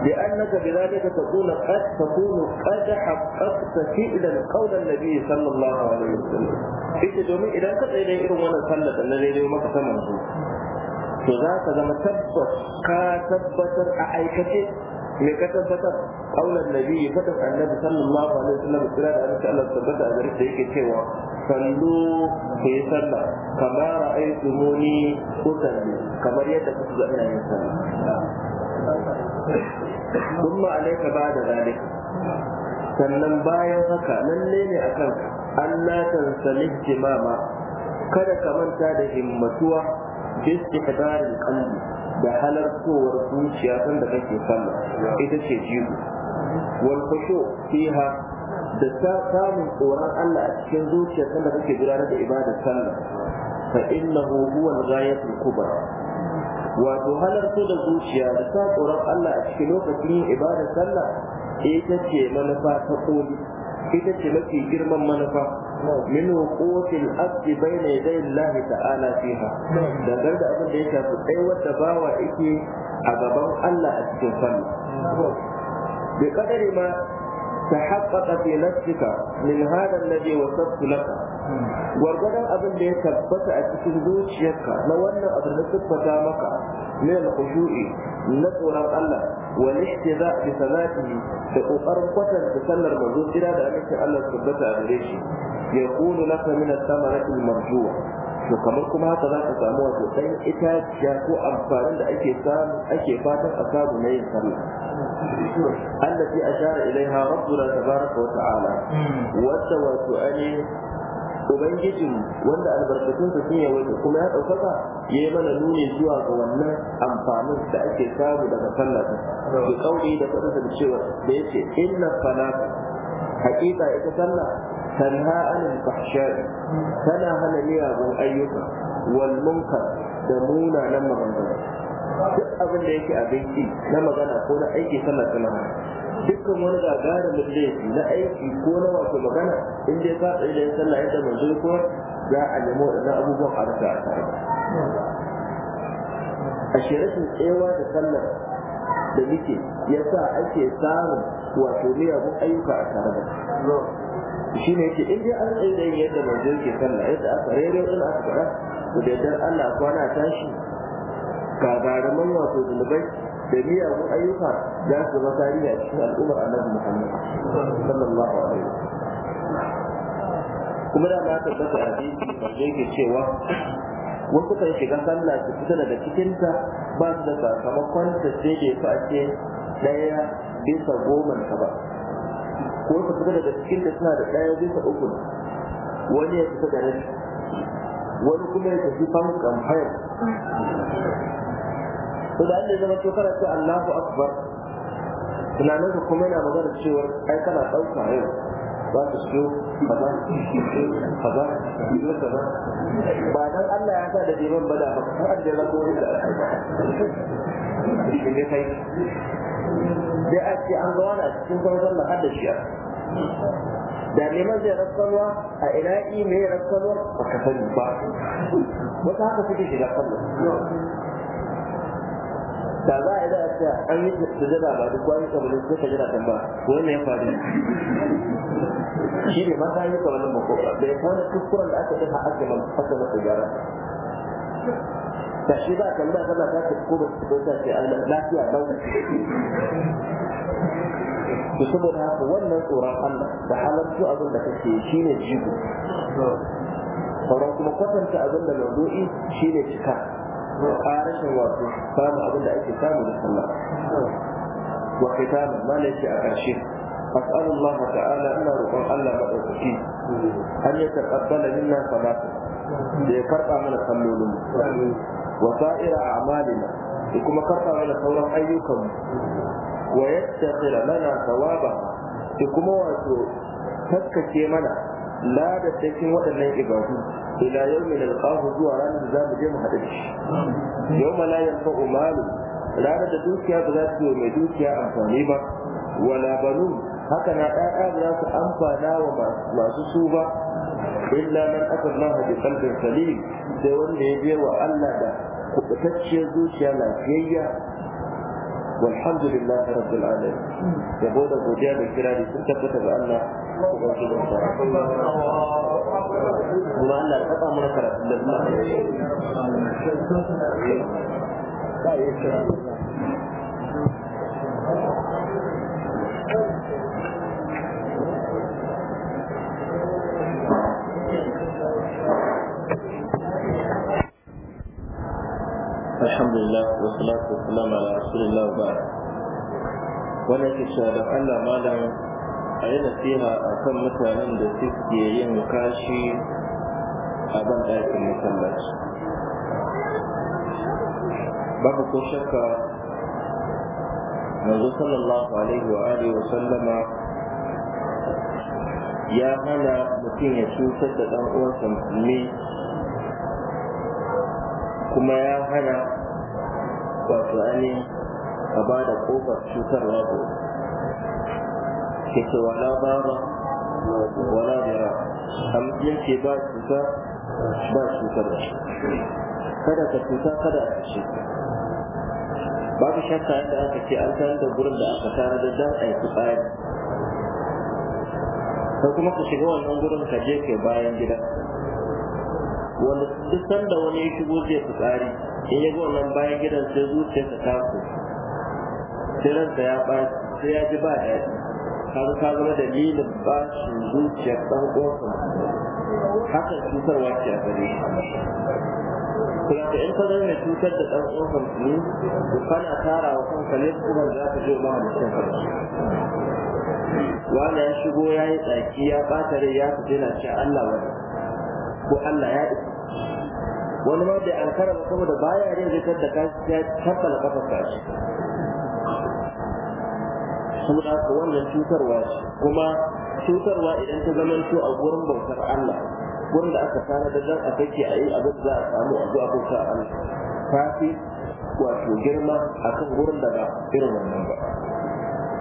لأنك بذلك تكون قد تكون قد حققت فعلا قول النبي صلى الله عليه وسلم إذا دومي إذا كنت إليه إيه وانا صلت الذي إليه مكة ثمنه فذاك لما تبت كا تبت أعيكتك me ka tabbatar kaulan nabi fatan annabi sallallahu alaihi wasallam kira da annabi Allah tabbata a garin da yake cewa sallu ku yi sallah kama ko usalli kamar yadda kuka ga ina kuma عليك ba da sannan bayan haka lalle ne akan Allah tansalih jimama kada ka manta da himmatuwa bis ihdarin kalbi da halartowar zuciya kan da kake sallah ita ce jigo wal khushu fiha da ta samun tsoron Allah a cikin zuciya kan da kake gudanar da ibada sallah fa innahu huwa al-ghayatul kubra wato halarta da zuciya da sa tsoron Allah a cikin lokacin yin ibadar sallah ita ce manufa ta koli ita ce mafi girman manufa min huquqil abdi bayna yaday Allah ta'ala fiha da garda abin da ya shafi kai wata bawa yake a gaban Allah a cikin sallah bi kadari ma تحقق في نفسك من هذا الذي وصفت لك gwargwadon abin da ya tabbata a cikin zuciyarka na wannan abin da tabbata maka min al-khushu'i na tsoron Allah wa ihtiza bi salatihi da kokarin kwatanta sallar manzo tsira da amincin Allah tabbata a gare shi yaqulu laka min al-thamarati marjuwa to kamar kuma haka za ka samu wato ɗan itaciya ko amfanin da ake samu ake fatan a samu na yin sallah allati ashara ilaiha rabbuna tabaraka wa ta'ala hmm. wadda wato ani ubangijin wanda albarkatun albarkatunsa sun yawaita kuma ya ɗaukaka ya yi mana nuni zuwa ga wannan amfanin da ake samu daga sallah ta ki kauri da faɗinsa da cewa da yace inna salata hakika ita sallah تنهى عن الفحشاء تنا هنا ميابون أيها والمنكر دمونا لما غنبنا duk abin da yake abinci na magana ko na aiki sama sama dukkan wani gagara da laifi na aiki ko na wato magana in dai ka tsaye da ya sallah yadda manzo ko za a nemo waɗannan abubuwan a rasa a tare a shirashin tsewa da sallar da muke yasa ake samun wato miyagun ayyuka a tare da shi ne yake in dai an tsaye yin yadda manzo ke kalla, yadda aka rere din aka fara to da dan Allah kwana tashi gagarumin wato zunubai da miyagun ayyuka za su zama tarihi shi cikin al'ummar annabi Muhammad sallallahu alaihi wasallam kuma da ma tabbata a hadisi manzo ke cewa wasu kan shiga sallah su fita daga cikinta ba su da sakamakon ta sai da ya fi ake ɗaya bisa goma ka ba ko su fita daga cikin da suna da ɗaya bisa uku wani ya fita da rashi wani kuma ya tafi fankan hayar to da Allah ya zama to kana ce Allahu akbar tunanin ka kuma yana magana cewa ai kana ɗauka yau ba ta so ba kaza kaza kaza kaza ba dan Allah ya sa da jiban bada ba har da lako da kai sai a ce an zauna cikin kwanzon na hada shi da neman zai rassalwa a ina yi mai rassalwa ba ka sani ba wata haka suke shiga sallah da za a yi da ta an yi sujada ba duk wani kabalin sai ka jira ko wani ya faru shi ne ma ta yi kabalin ba ko da ya fara kuskuren da aka ɗin ha'aka man fasa masa gyara ta shi ba tambaya sallah ta ce ko ba ko ta ce Allah lafiya lau to saboda haka wannan tsoron Allah da halarci abin da kake shi ne jigo sauran kuma kwatanta abin da maudu'i shi ne cika ƙarashin wato samun abin da ake samu da sallah wa kitaban ma ne a ƙarshe أسأل الله تعالى أن رقم الله بأوكي أن يتقبل منا صلاته da ya karɓa mana sallolin wa ira a'malina ki kuma kafara da sauran ayyukan mu wa yattaqi lana thawaba ki kuma wato takkake mana la da cikin wadannan ibadu ila yawmin al-qahu zuwa ranar da zamu je mu hada shi yawma la yanfa'u malu ranar da dukiya ba za ta yi mai dukiya amfani ba wala banu haka na da'a da za amfana wa masu su ba illa man atallaha bi qalbin salim sai wanda ya biya wa Allah da kubutacciyar zuciya lafiyayya walhamdulillah rabbil alamin kirari sun tabbata ga Allah alhamdulillah wa salatu wa salam ala rasulillah wa ba'd wannan ke cewa da Allah malam a yi nasiha a kan mutanen da suke yin kashi a ban ɗakin masallaci babu ko shakka manzo sallallahu alaihi wa alihi wa sallama ya hana mutum ya cutar da ɗan uwansa kuma ya hana wato ainihin a ba da kofar cutarwa ko ke ce wala bara wala bira a musulunci ba cuta ba cutar da. kada ka cuta kada a ce babu shakka yadda aka ce an tare da gurin da aka tare da dan aiki tsari sai kuma ka shiga wannan gurin ka je ke bayan gida wanda duk da wani ya shigo zai fi tsari in yi ga wannan bayan gidan sai zuciyarsa ta ku sai ransa ya ba sai ya ji ba daɗi kaga ka zama dalilin bashin zuciyar ɗan uwansa hakan cutarwa ce a gare shi kuma ta in ka zama mai cutar da ɗan uwansa musulmi to kana tara wa kanka ne kuma za ka je ba mutum Wani ya shigo ya yi tsaki ya ɓata rai ya fita na ce Allah wani ko Allah ya isa wani ma bai an kara saboda baya yin zikar da kashi ya tabbala kafar kashi saboda haka wannan cutarwa kuma cutarwa idan ta zama to a gurin bautar Allah gurin da aka tsara da zan a a yi abin za a samu a zuwa bautar Allah kafi wato girma akan gurin da ba irin wannan ba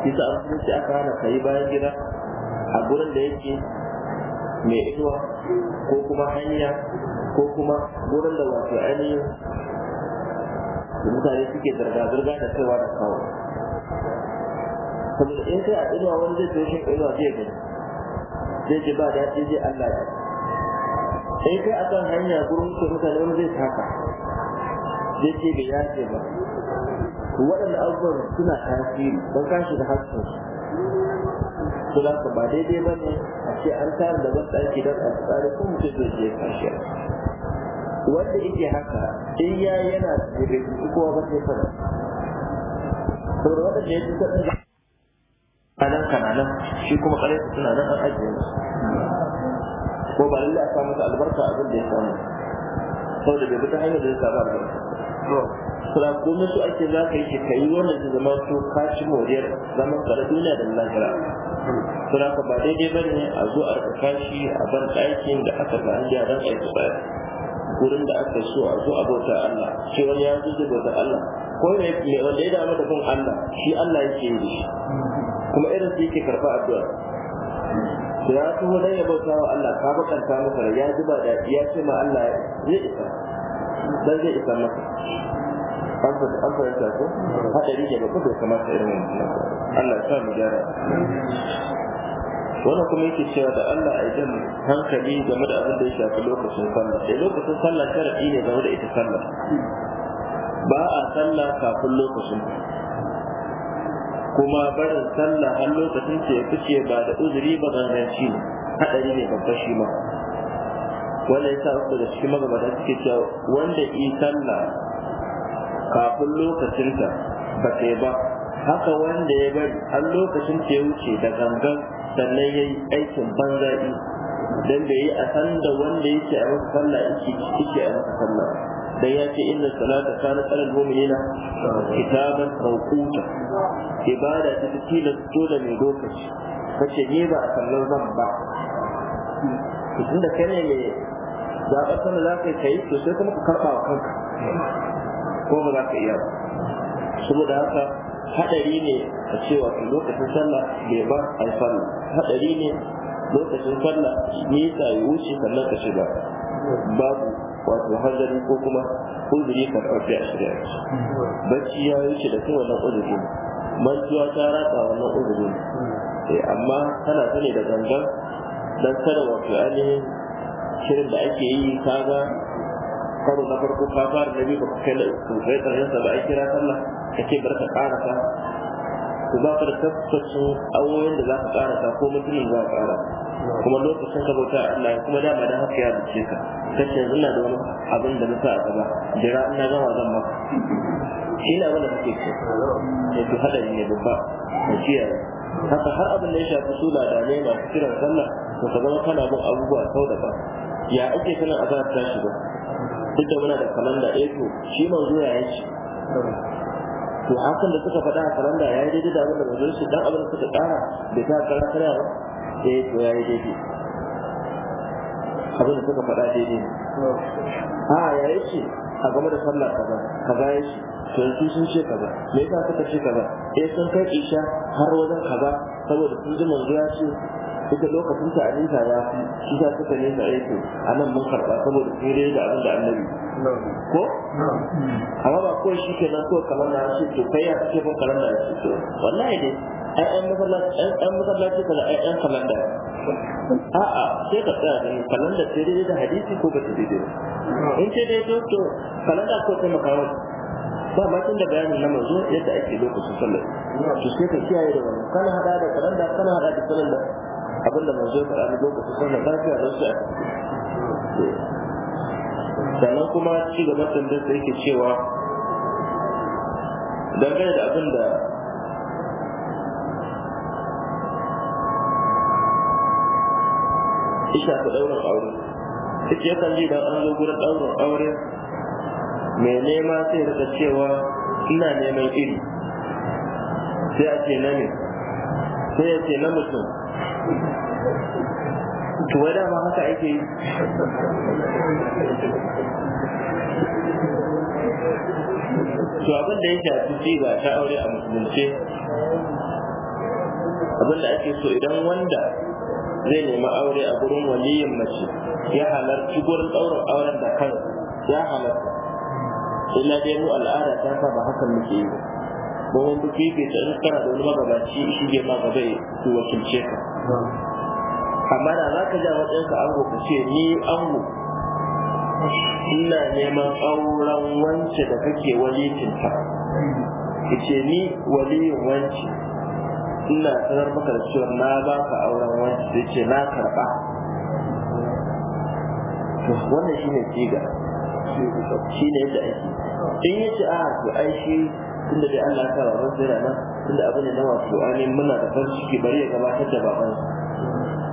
kisa an kuma aka hana kai bayan gida a gurin da yake mai inuwa ko kuma hanya ko kuma wurin da wato ainihin mutane suke zirga-zirga da kaiwa da kawo kuma in kai a inuwa wani zai toshin inuwa zai gani zai ji ba daɗi zai allah ya in kai akan hanya gurin su mutane wani zai taka zai ce bai yace ba waɗanda abubuwan suna tasiri don kashi da hasken su ko ka ba daidai ba ne a ce an tara da ban ɗaki don a tsari ko mutum zai je kashe wanda yake haka in ya yana da bai kowa ba sai fada saboda wanda ya ji sadin kanan kananan shi kuma kare su suna nan an ajiye su ko ba lallai a samu albarka abin da ya samu saboda bai bi ta hanyar da ya samu albarka kuma su ake za ka yi ke kai wannan da zama su ka ci moriyar zaman ka duniya da lahira sura ka ba daidai ba ne a zo a rika a ban ɗakin da aka ga an gyaran aiki ba wurin da aka so a zo a bauta Allah shi wani ya zo da bauta Allah ko ne wanda ya dama da kan Allah shi Allah yake yi shi kuma irin su yake karɓa addu'a da ya tuho dan ya bauta wa Allah ka bakanta masa ya zuba da ya ce ma Allah zai isa dan zai isa masa an fahimta ko haɗari da bakwai bai kamata irin wannan Allah ya mu gyara wannan kuma yake cewa da Allah a idan hankali game da abin da ya shafi lokacin sallah sai lokacin sallah sharadi ne game da ita sallah ba a sallah kafin lokacin kuma barin sallah har lokacin ce fice ba da uzuri ba ganganci ne hadari ne babbar shi ma wannan ya sa da cikin magabata suke cewa wanda yi sallah kafin lokacinta ba ta ba haka wanda ya bari har lokacin ta ya wuce da gangan sannan ya yi aikin banza'i don da yi a sanda wanda yake a masa sallah yake yake a masa sallah dan ya ce inna salata kana qalal mu'minina kitaban mawquta ibada ta tila dole mai lokaci kace ne ba a sallar zan ba tunda kai ne mai zaɓar sallah za ka yi to sai kuma ka karɓa wa kanka ko ba za ka iya ba saboda haka hadari ne a cewa lokacin sallah bai ba alfanu hadari ne lokacin sallah ne ta yi wuce sannan ka shiga babu wato hanzari ko kuma ka karɓarfe a shirya bacci ya wuce da kai wannan uzuri mantuwa ta ratsa wannan uzuri eh, amma tana sani da gangan dan kada wato ainihin shirin da ake yi kaga karo na farko ka fara da biyu ba kai kai tsarin sa ba a kira sallah ce bar ka ƙara ka to ba ka da tabbacin awoyin da za ka ƙara ka ko mutumin za ka ƙara kuma lokacin ka bauta Allah kuma dama da haka ya bace ka kace yanzu ina da wani abin da na sa a gaba jira ina gama zan ba. shi ne abin da kake ce ne to hadari ne babba da kiyaye haka har abin da ya shafi sula da ne masu kiran sallah to ka zama kana bin abubuwa sau da ba ya ake sanin azab ta shiga duk da muna da kalanda ɗaya to shi manzo ya yi to hakan da suka faɗa a kalanda ya yi daidai da abin da manzo shi dan abin da suka ƙara da ta ƙara ƙara ba eh to ya yi daidai abin da suka faɗa daidai ne a ya yi yace a game da sallah kaza kaza ya yi to yanzu sun ce kaza me yasa suka ce kaza eh sun kai isha har wajen kaza saboda sun ji manzo ya ce suka lokacin ta alinta ya fi shi ta suka nesa aiki a nan mun karɓa saboda tsere da abin da annabi ko amma ba ko shi ke nan so kamar na shi to kai ya kake kun da shi to wallahi dai ai ɗan masallaci kaza ai ɗan kalanda a'a sai ka tsaya da kalanda sai dai da hadisi ko ba ta in ce dai to to kalanda ko ta kawai. ba ma tun da bayanin na manzo yadda ake lokacin sallar to sai ka kiyaye da wani kana hada da kalanda kana hada da sallar abinda manzo ya faɗa lokacin da lafiya da su a sannan kuma ci da tambayar da yake cewa dangane da abin da isa ta daura aure take yakan ji da an zo gurin daura aure mai nema sai da cewa ina neman iri sai a ce na ne sai ya ce na mutum to wai dama haka ake yi to abin da ya shafi ci ba ta aure a musulunce abin da ake so idan wanda zai nemi aure a gurin waliyin mace ya halarci gurin tsaurin auren da kan ya halarta illa dai mu al'ada ta ba hakan muke yi ko wani fifita in kana da wani magabaci shi ke ma gaba ya wakilce ka amma da za ka ja matsayinka ango ka ce ni ango ina neman auren wance da kake walitinta ka ce ni waliyin wance ina sanar maka da cewa na ba ka auren wance da ce na karɓa wannan shi ne siga shi ne yadda ake in yace a to ai shi tunda dai Allah ya sa baban zira nan tunda abin ne na wato ainihin muna da farin ciki bari ya gabatar da baban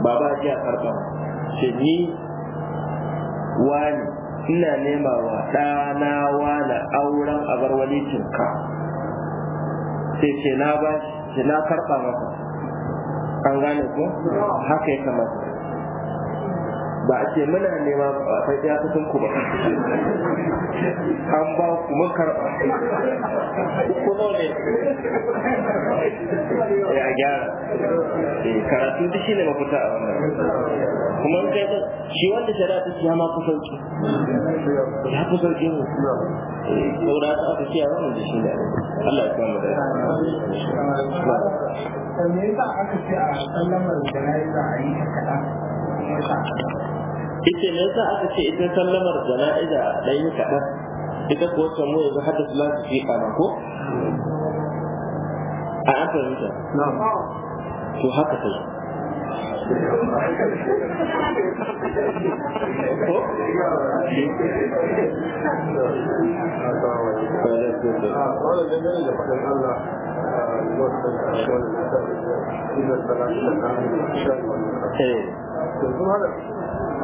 baba a karɓa ce ni wani ina nema wa ɗana wani auren abar wani cinka sai ce na ba shi na karɓa maka an gane ko haka ya kamata ba a ce muna nema ba ta ya kusan ku ba an ba ku mun karɓa ku zo ne ya gyara eh, karatu duk shi ne mafuta a wannan kuma in kai shi wanda shari'a ta ce ma kusan ki ya kusan ki ne eh, saboda ta aka ce a wannan da shi ne Allah ya kama da ya
me yasa aka ce a sallamar da na yi za a yi
kaɗan ita ne yasa aka ce ita sallamar jana'iza ɗaya yi kaɗan ita kuwa samu yanzu hadda su lasu fi kama ko a an fahimta to haka ta ko?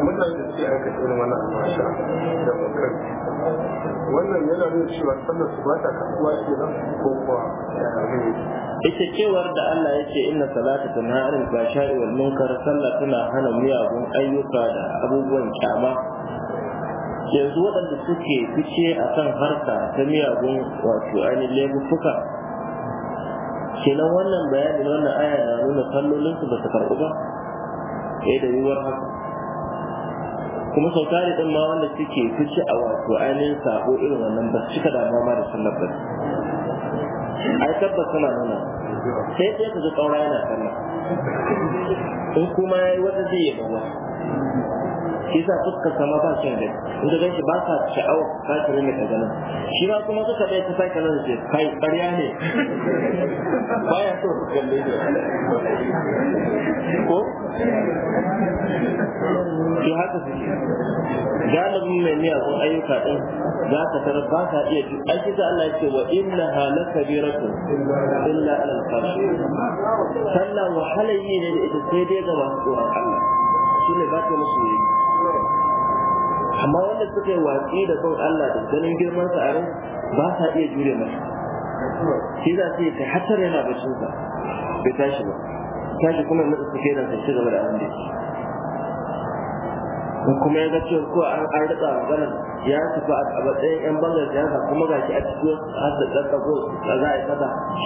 muna da ce aka irin wannan almasha da bakar wannan yana nuna cewa sallar su ba ta kasuwa ke nan ko kuwa
ita cewar da Allah ya ce inna salata tana arin basha'i wal munkar sallah tana hana miyagun ayyuka da abubuwan kyama yanzu waɗanda suke fice a kan harka ta miyagun wato ainihin laifuka kenan wannan bayanin wannan aya na nuna kallolinsu ba su karɓu ba eh da yiwuwar haka kuma sau tare din ma wanda suke fice a wato ainihin sabo irin wannan ba su cika damuwa ma da sallar ba ai tabbas suna nuna sai sai ka ji tsaura yana sallah in kuma ya yi wata zai yi ba shi yasa fuskar sama ba shi da in ga shi ba sa sha'awa ka tare ne kaga ganin. shi ba kuma suka dai ta sai kaza ce kai ƙarya ne ya so su kalle shi ko to haka su galibin mai miyagun ayyuka ɗin za ka tarar ba ka iya ji ai kisa Allah ya ce wa inna halaka biratu illa alal fashi sallan wahalar yi ne da ita sai dai ga masu tsoron Allah shi ne ba ta musu yi amma wanda suka yi watsi da son Allah da ganin girman sa a rai ba sa iya jure masa shi za su yi kai hatar yana bacin sa bai tashi ba tashi kuma yanzu su kai da su ci gaba da abin da yake kuma ya ga cewa ko an an rika magana ya tafi a matsayin yan bangar siyasa kuma ga shi a cikin har da ɗaɗɗago da za a yi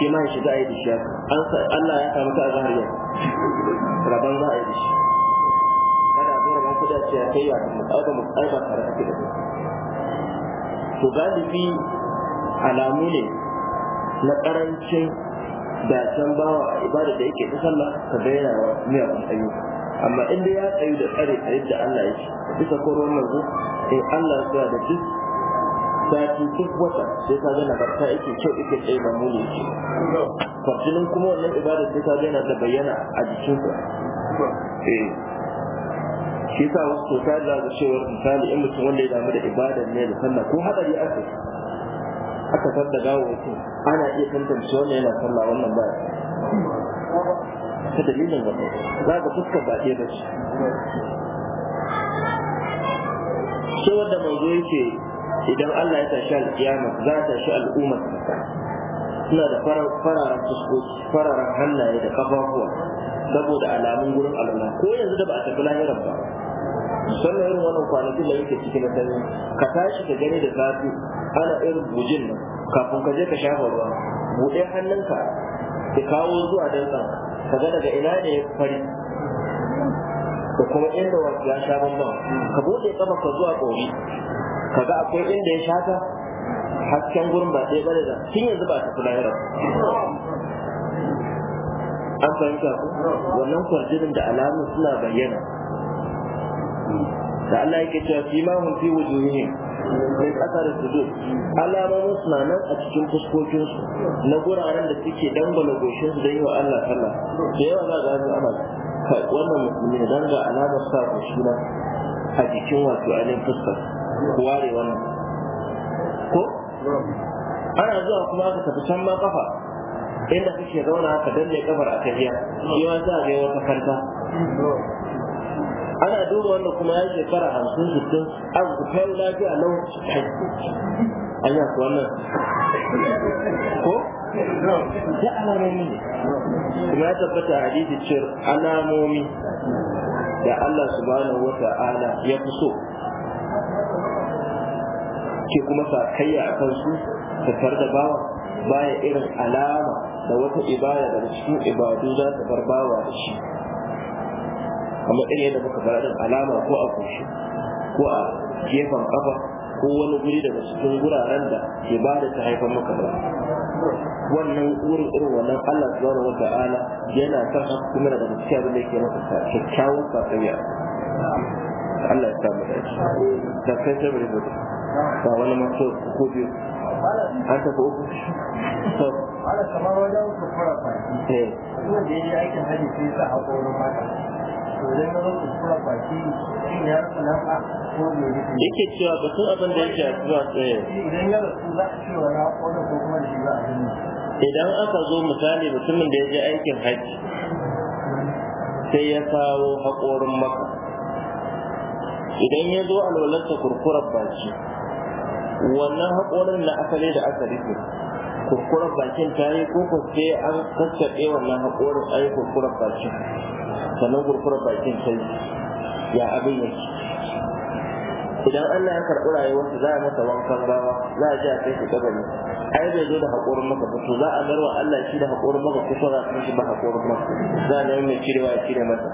shi ma ya shiga a yi da shi an Allah ya samu ta a zahar rabon za a yi shi kuɗa ce ya kai yaƙi mu ɗauka mu ɗauka tare ake da to galibi alamu ne na ƙarancin dacen bawa a ibada da yake ta sallah ka gaira wa miyagun ayyuka amma in inda ya tsayu da tsare a yadda Allah ya ce bisa koron manzo in Allah ya da duk sati duk wata sai ka ga nagarta yake kyau yake tsaye ba mu ne farjinin kuma wannan ibada sai ka ga da bayyana a jikinsa eh shi yasa wasu kyauta da za cewar misali in mutum wanda ya damu da ibadar ne da sallah ko hadari aka aka fadda gawo mutum ana iya tantance wannan yana sallah wannan ba ta dalilin wannan za ka fuskar ba ɗaya ba ce wanda da zo yake idan Allah ya tashi alƙiyama za ta tashi al'ummar suna da fararen fuskoki fararen hannaye da kafafuwa saboda alamun gurin alwala ko yanzu da ba a tafi lahirar ba sannan irin wannan kwanakin da yake ciki na sanyi ka tashi ka gani da zafi. ana irin bujin nan kafin ka je ka shafa ruwa buɗe hannunka ka kawo zuwa dantsan ka ga daga ina ne ya fari da kuma inda wasu ya sha nawa. ka buɗe kama ka zuwa ƙori ka ga akwai inda ya shata hasken gurin ba ɗaya bane da tun yanzu ba ta fi lahira an fahimta wannan kwarjinin da alamun suna bayyana da Allah yake cewa kimahum fi wujuhihim min asar sujud alamomin suna nan a cikin fuskokin su na guraren da suke dangana goshin su don yi wa Allah sallah da yawa za ga ana kai wannan musulmi ne dan ga alamar sa shi na a cikin wato alin fuskar ware wannan ko ana zuwa kuma aka tafi can ma kafa inda kake zauna ka danne kafar a tafiya shi ma za ga wata kanta ana duba wanda kuma ya shekara hamsin sittin an ku kai lafiya nan an yasu wannan ko da alamomi kuma ya tabbata hadisi ce alamomi da Allah subhanahu wa ta'ala ya fi so ke kuma sa kayya a kansu tar da bawa baya irin alama da wata ibada daga cikin ibadu za ta bar bawa da shi kamar irin yadda muka ga alama ko a kushe ko a gefen kafa ko wani guri daga cikin guraren da ke ba da ta haifar maka da wannan wurin irin wannan Allah subhanahu wata'ala yana san haka kuma daga gaskiya da yake masa kyakkyawan sakayya Allah ya samu da shi da kai sai bari mutu ba wani maso ko biyu an tafi uku so kamar wajen fara eh aikin sa yake cewa batun abin da yake zuwa tsaye idan aka zo misali mutumin da ya je aikin hajji sai ya kawo haƙorin maka idan ya zo alwalarsa kurkurar baki wannan haƙorin na asali da aka rufe kurkurar bakin ta yi ko sai an kakkaɓe wannan haƙorin a yi kurkurar bakin sannan gurkurar bakin kai ya abin ci idan Allah ya karɓi rayuwarsa za a masa wankan rawa, za a ji a kai shi kabari ai bai zo da haƙorin maka ba to za a garwa Allah shi da haƙorin maka kusa za a shi ba haƙorin maka za a nemi mai cirewa ya cire masa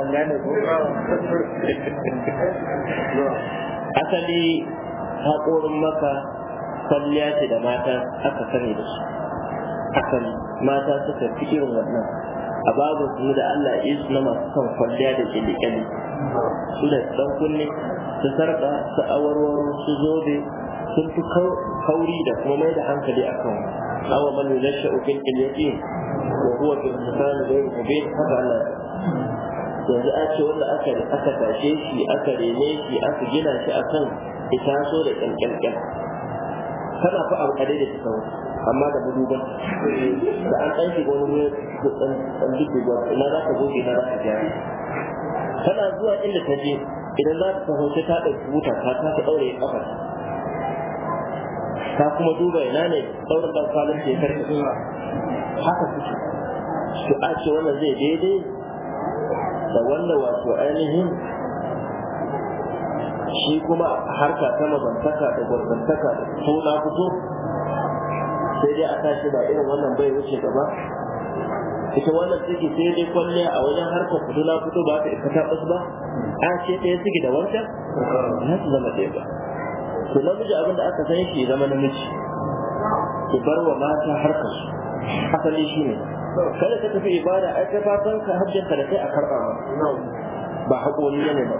an gane ko asali haƙorin maka kwalliya ce da mata aka sani da su asali mata suka fi irin wannan a babu su da Allah ya su na masu kan kwalliya da kyalikyali su da dan kunne su sarka su awarwaro su zobe sun fi kauri da kuma mai da hankali akan awa man yunasha ukin ilyatin ke huwa fi sufan ghayr da haka Allah yanzu a ce wanda aka aka tashe shi aka rene shi aka gina shi akan itaso da kyankyankyan kana fa abu kadai da ta sauransu amma da ba da an aiki shiga wani ne da ɗan dubuwa ina za ka goge na za ka gyara tana zuwa inda ta je idan za ta taho ta ɗauki wuta ta ta ta ɗaure ƙafa ta kuma duba ina ne ɗaurin ɗan kwanan ke karfi haka suke su a ce wannan zai daidai da wannan wato ainihin shi kuma harka ta mazantaka da gwarzantaka da tona fito sai dai a tashi ba irin wannan bai wuce gaba ita wannan ciki sai dai kwalliya a wajen harkar kudu na fito ba ka isa ta ba a ce yi suke da wancan na su zama ɗaya ba to namiji abin da aka san shi zama namiji ki bar wa mata harkar su asali shi ne kada ka tafi ibada ai ka fatan ka hajjin da kai a karɓa ba ba haƙori ne ba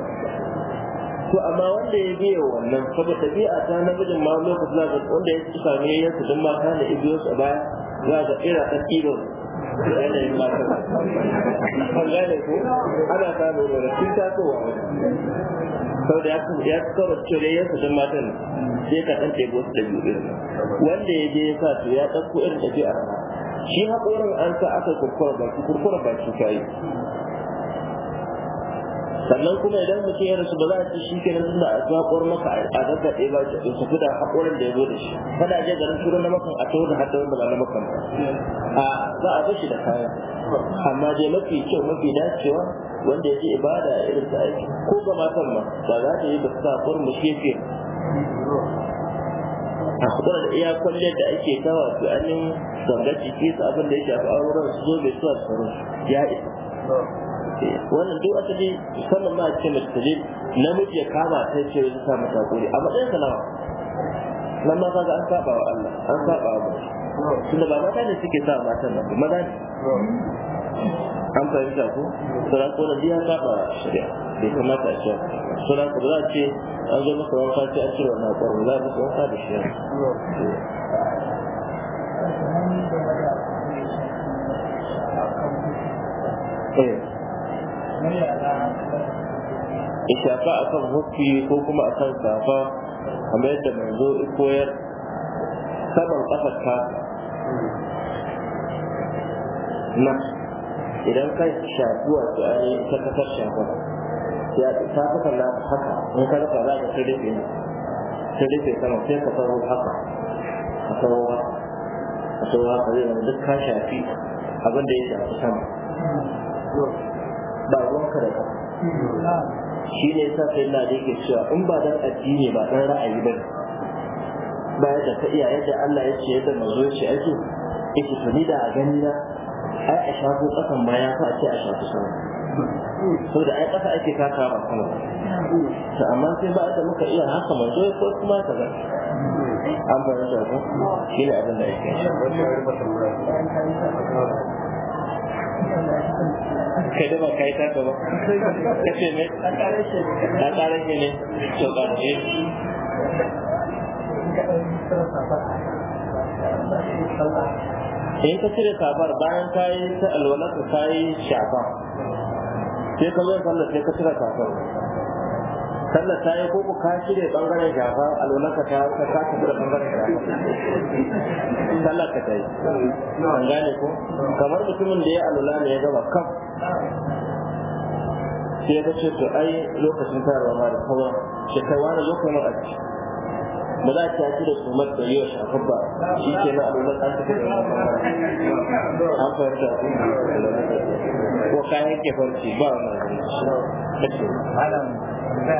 to amma wanda ya biya wannan saboda tabi'a ta namijin ma lokacin zaga wanda ya sami yayyansa don mata da ibiyarsu a baya za ga ira ta kilo yanayin mata an gane ko ana samun wani tun tasowa wani sau da ya kawar cewa yayyansa don matan sai ka ɗan ɗebo su da biyu wanda ya je ya sa to ya ɗauko irin ɗabi'ar shi haƙorin an sa aka kurkura baki kurkura baki kayi sannan kuma idan mutum ya rasu ba za a ce shi kenan da a kwar maka a daga ɗaya ba ya tafi da haƙorin da ya zo da shi kada a je garin turo na makan a tauna da har da ba na makan ba a za a bashi da kaya amma je mafi kyau mafi dacewa wanda ya je ibada a irin ta aiki ko ga matan ma ba za ta yi da kwar mu shi ke a kuma da iya kwalliyar da ake ta wato anin zangar jiki su abin da ya shafi auren su zo bai suwa tsaron ya isa wannan duk asali musamman ma ce mace namiji ya kama sai ce ya sa mata hakuri a matsayin salama. nan ma kaga an saba wa Allah an saba wa mutum tunda ba mata ne suke sa matan nan maza ne an fahimta ko sura ko da biya saba shari'a bai kamata a ce sura ko za a ce an zo maka wanka ce an cire wannan kwarin za a maka wanka da shi Yeah. a kan hukki ko kuma a kan safa kamar yadda manzo koyar saman kafar ka na idan ka shafi wasu ainihin ta kasar shafa ya ta kasar na haka in ka rufa za ka sai rufe ne ta rufe sama sai ka sauro haka a sauro a sauro a zai zama duk ka shafi abin da ya shafi sama ba ruwanka da ka shi ne sa sai na da yake cewa in ba dan addini ba dan ra'ayi ba ba yadda ka iya yadda Allah ya ce yadda manzo ya ce ake yake tuni da gani na ai a shafu kasan baya fa a ce a shafu sama so da ai kasa ake kaka ba sama to amma sai ba da muka iya haka manzo ko kuma ka ga an fara da shi ne abin da yake kai da ba ka yi taka ba ka ce ne na tsara shi ne to ba ne in ka cire safar bayan ka yi ta alwalarka ka yi shafa sai ka zo sallar sai ka cire safar sallar ta yi koko ka shirya bangaren shafa alwalarka ta ka ka tafi da bangaren shafa sallar ka ta yi an gane ko kamar mutumin da ya alwala ne ya gaba kaf sai ya ce to ai lokacin tayarwa ma da sauran shekaru wani lokacin a ciki ba za ta ci da su mata yau shafar ba shi ke na alwalar an tafi da wani an fahimta ko kayan ke kefarci ba wani malam sai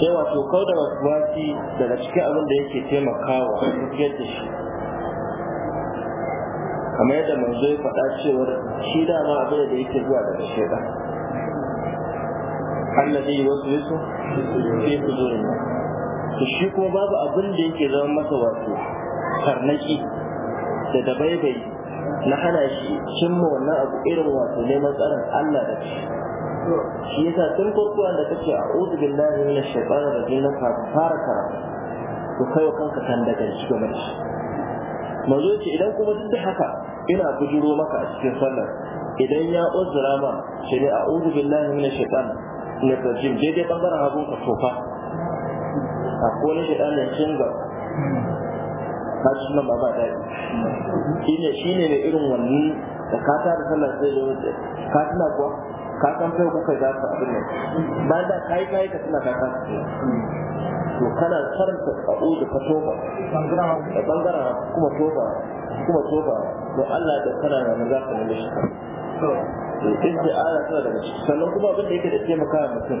eh. wato kau da wasuwasi daga cikin abin da yake taimakawa a tafiyar da shi kamar yadda manzo ya faɗa cewar shi dama abin da yake zuwa daga shaida Allah zai yi wasu yasu sai su zo ne to shi kuma babu abin da yake zama masa wasu, karnaki da dabaibai na hana shi cimma wannan abu irin wato neman tsarin Allah da shi shi yasa tun farko da lahi na billahi da jin na kafin fara karatu to kai kanka kan daga shi game da shi mazo ce idan kuma duk da haka ina bujuro maka a cikin sallar idan ya uzura ma shi ne a a'udhu billahi minash shaitanir jin daidai bangaren abun ka tofa a wani shaitan ne cinga ka ci sunan ba ba daɗi shine shine mai irin wannan da ka ta da sallar sai da wuce ka tuna kuwa ka san kai kuka za ka abin nan bayan da kai kai ka tuna ka san to kana karanta tsao da ka toba da bangaren kuma toba kuma toba to Allah da kana da maza ka nemi shi to in da Allah tana daga ciki sannan kuma abin da yake da taimaka mutum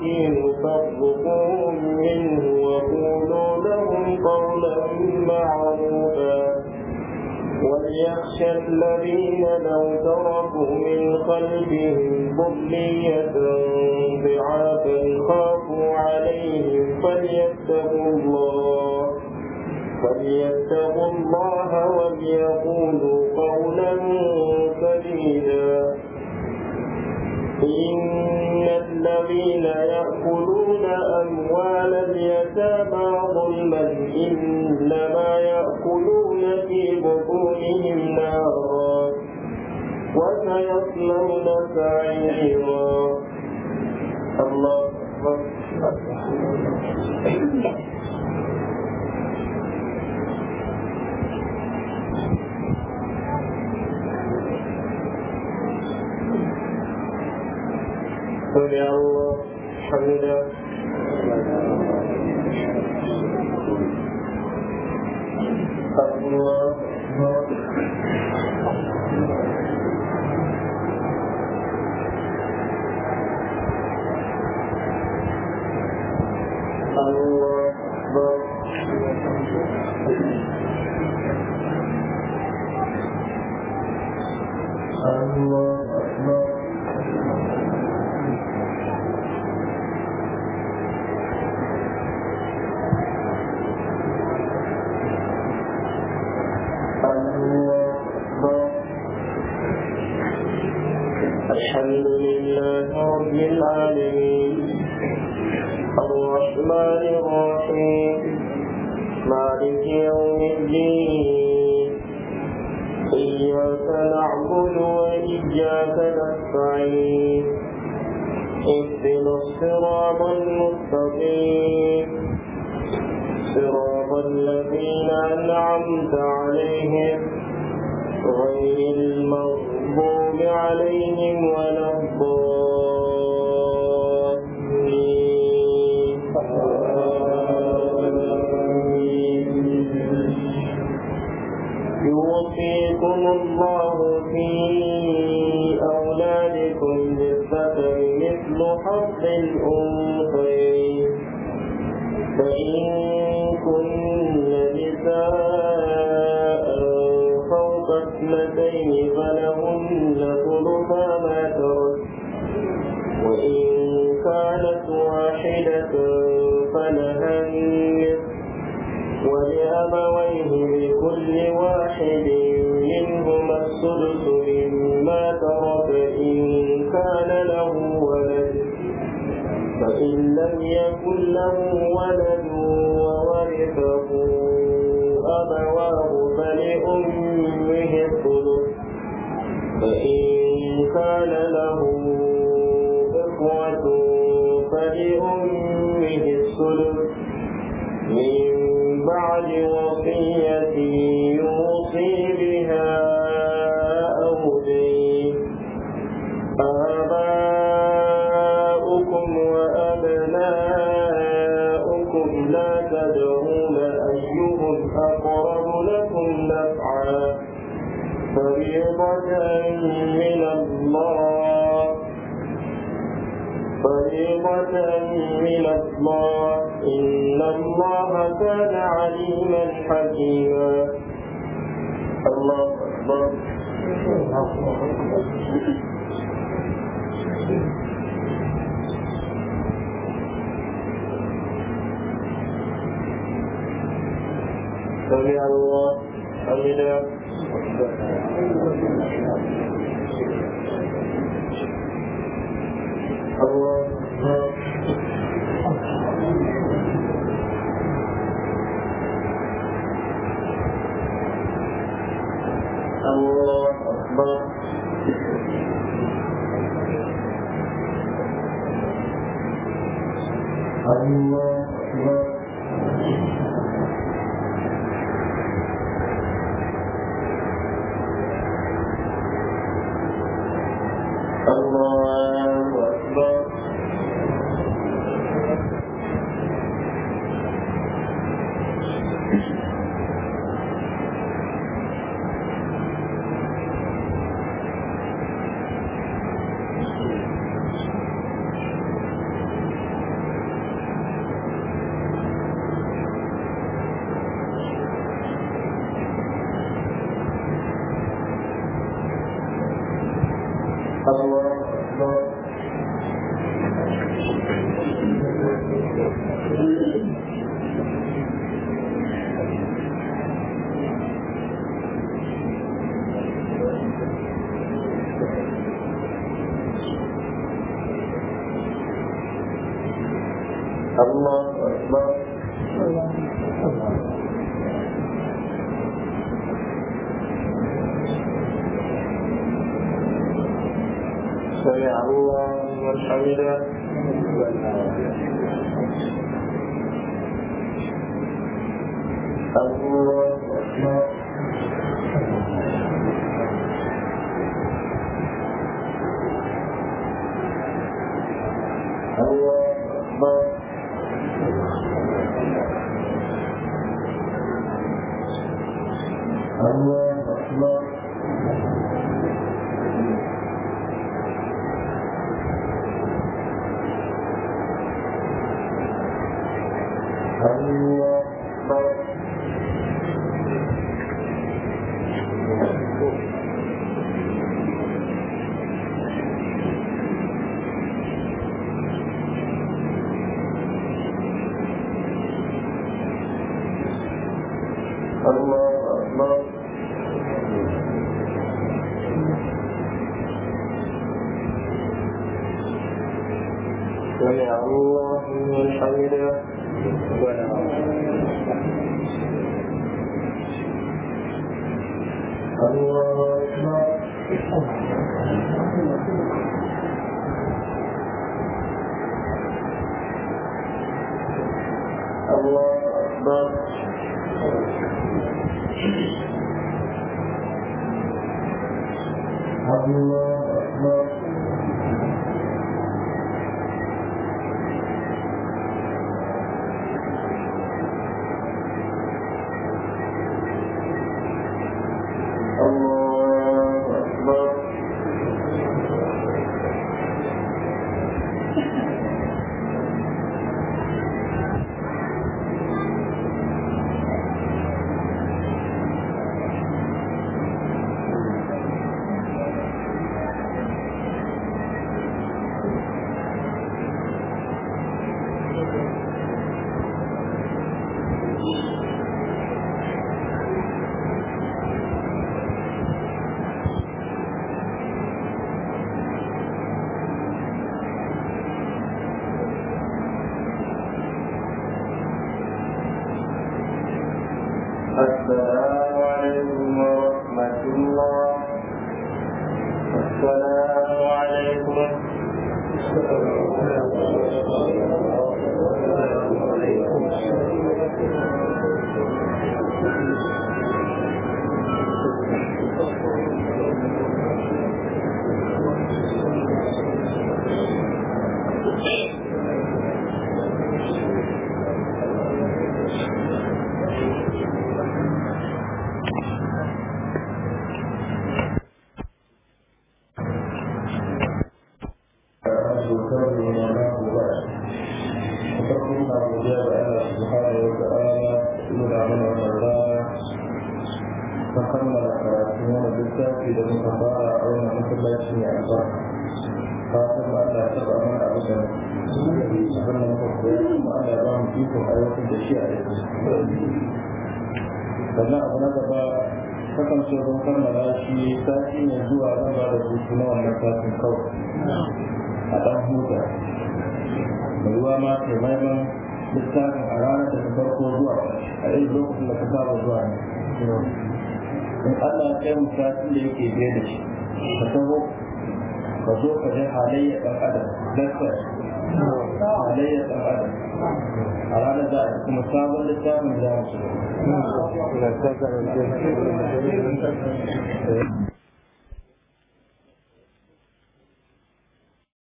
الذي نفرقهم منه وقولوا لهم قولا معروفا وليخشى الذين لو تركوا من قلبهم ذرية ضعافا خافوا عليهم فليتقوا الله فليتقوا الله وليقولوا قولا الذين يأكلون أموال اليتامى ظلما إنما يأكلون في بطونهم نارا وسيصلون سعيرا الله أكبر Syukur ya Allah Alhamdulillah Allah
Allah Allah Allah
صراط المستقيم صراط الذين بحظ الأنثيين فإن كن نساء فوق اثنتين فلهن ثلثا ما ترك وإن كانت واحدة فلها النصف ولأبويه لكل واحد منهما السدس يكن له ولد وورثه أبواه فلأمه الثلث فإن كان من الله إن الله كان عليما حكيما الله أكبر سمع الله أمنا الله
فإن
ɗayan bukatun da yake biye da shi ka taho ka zo ka ji halayya ɗan adam daktar halayya ɗan adam a ranar za a kuma sabon littafin za mu
shiga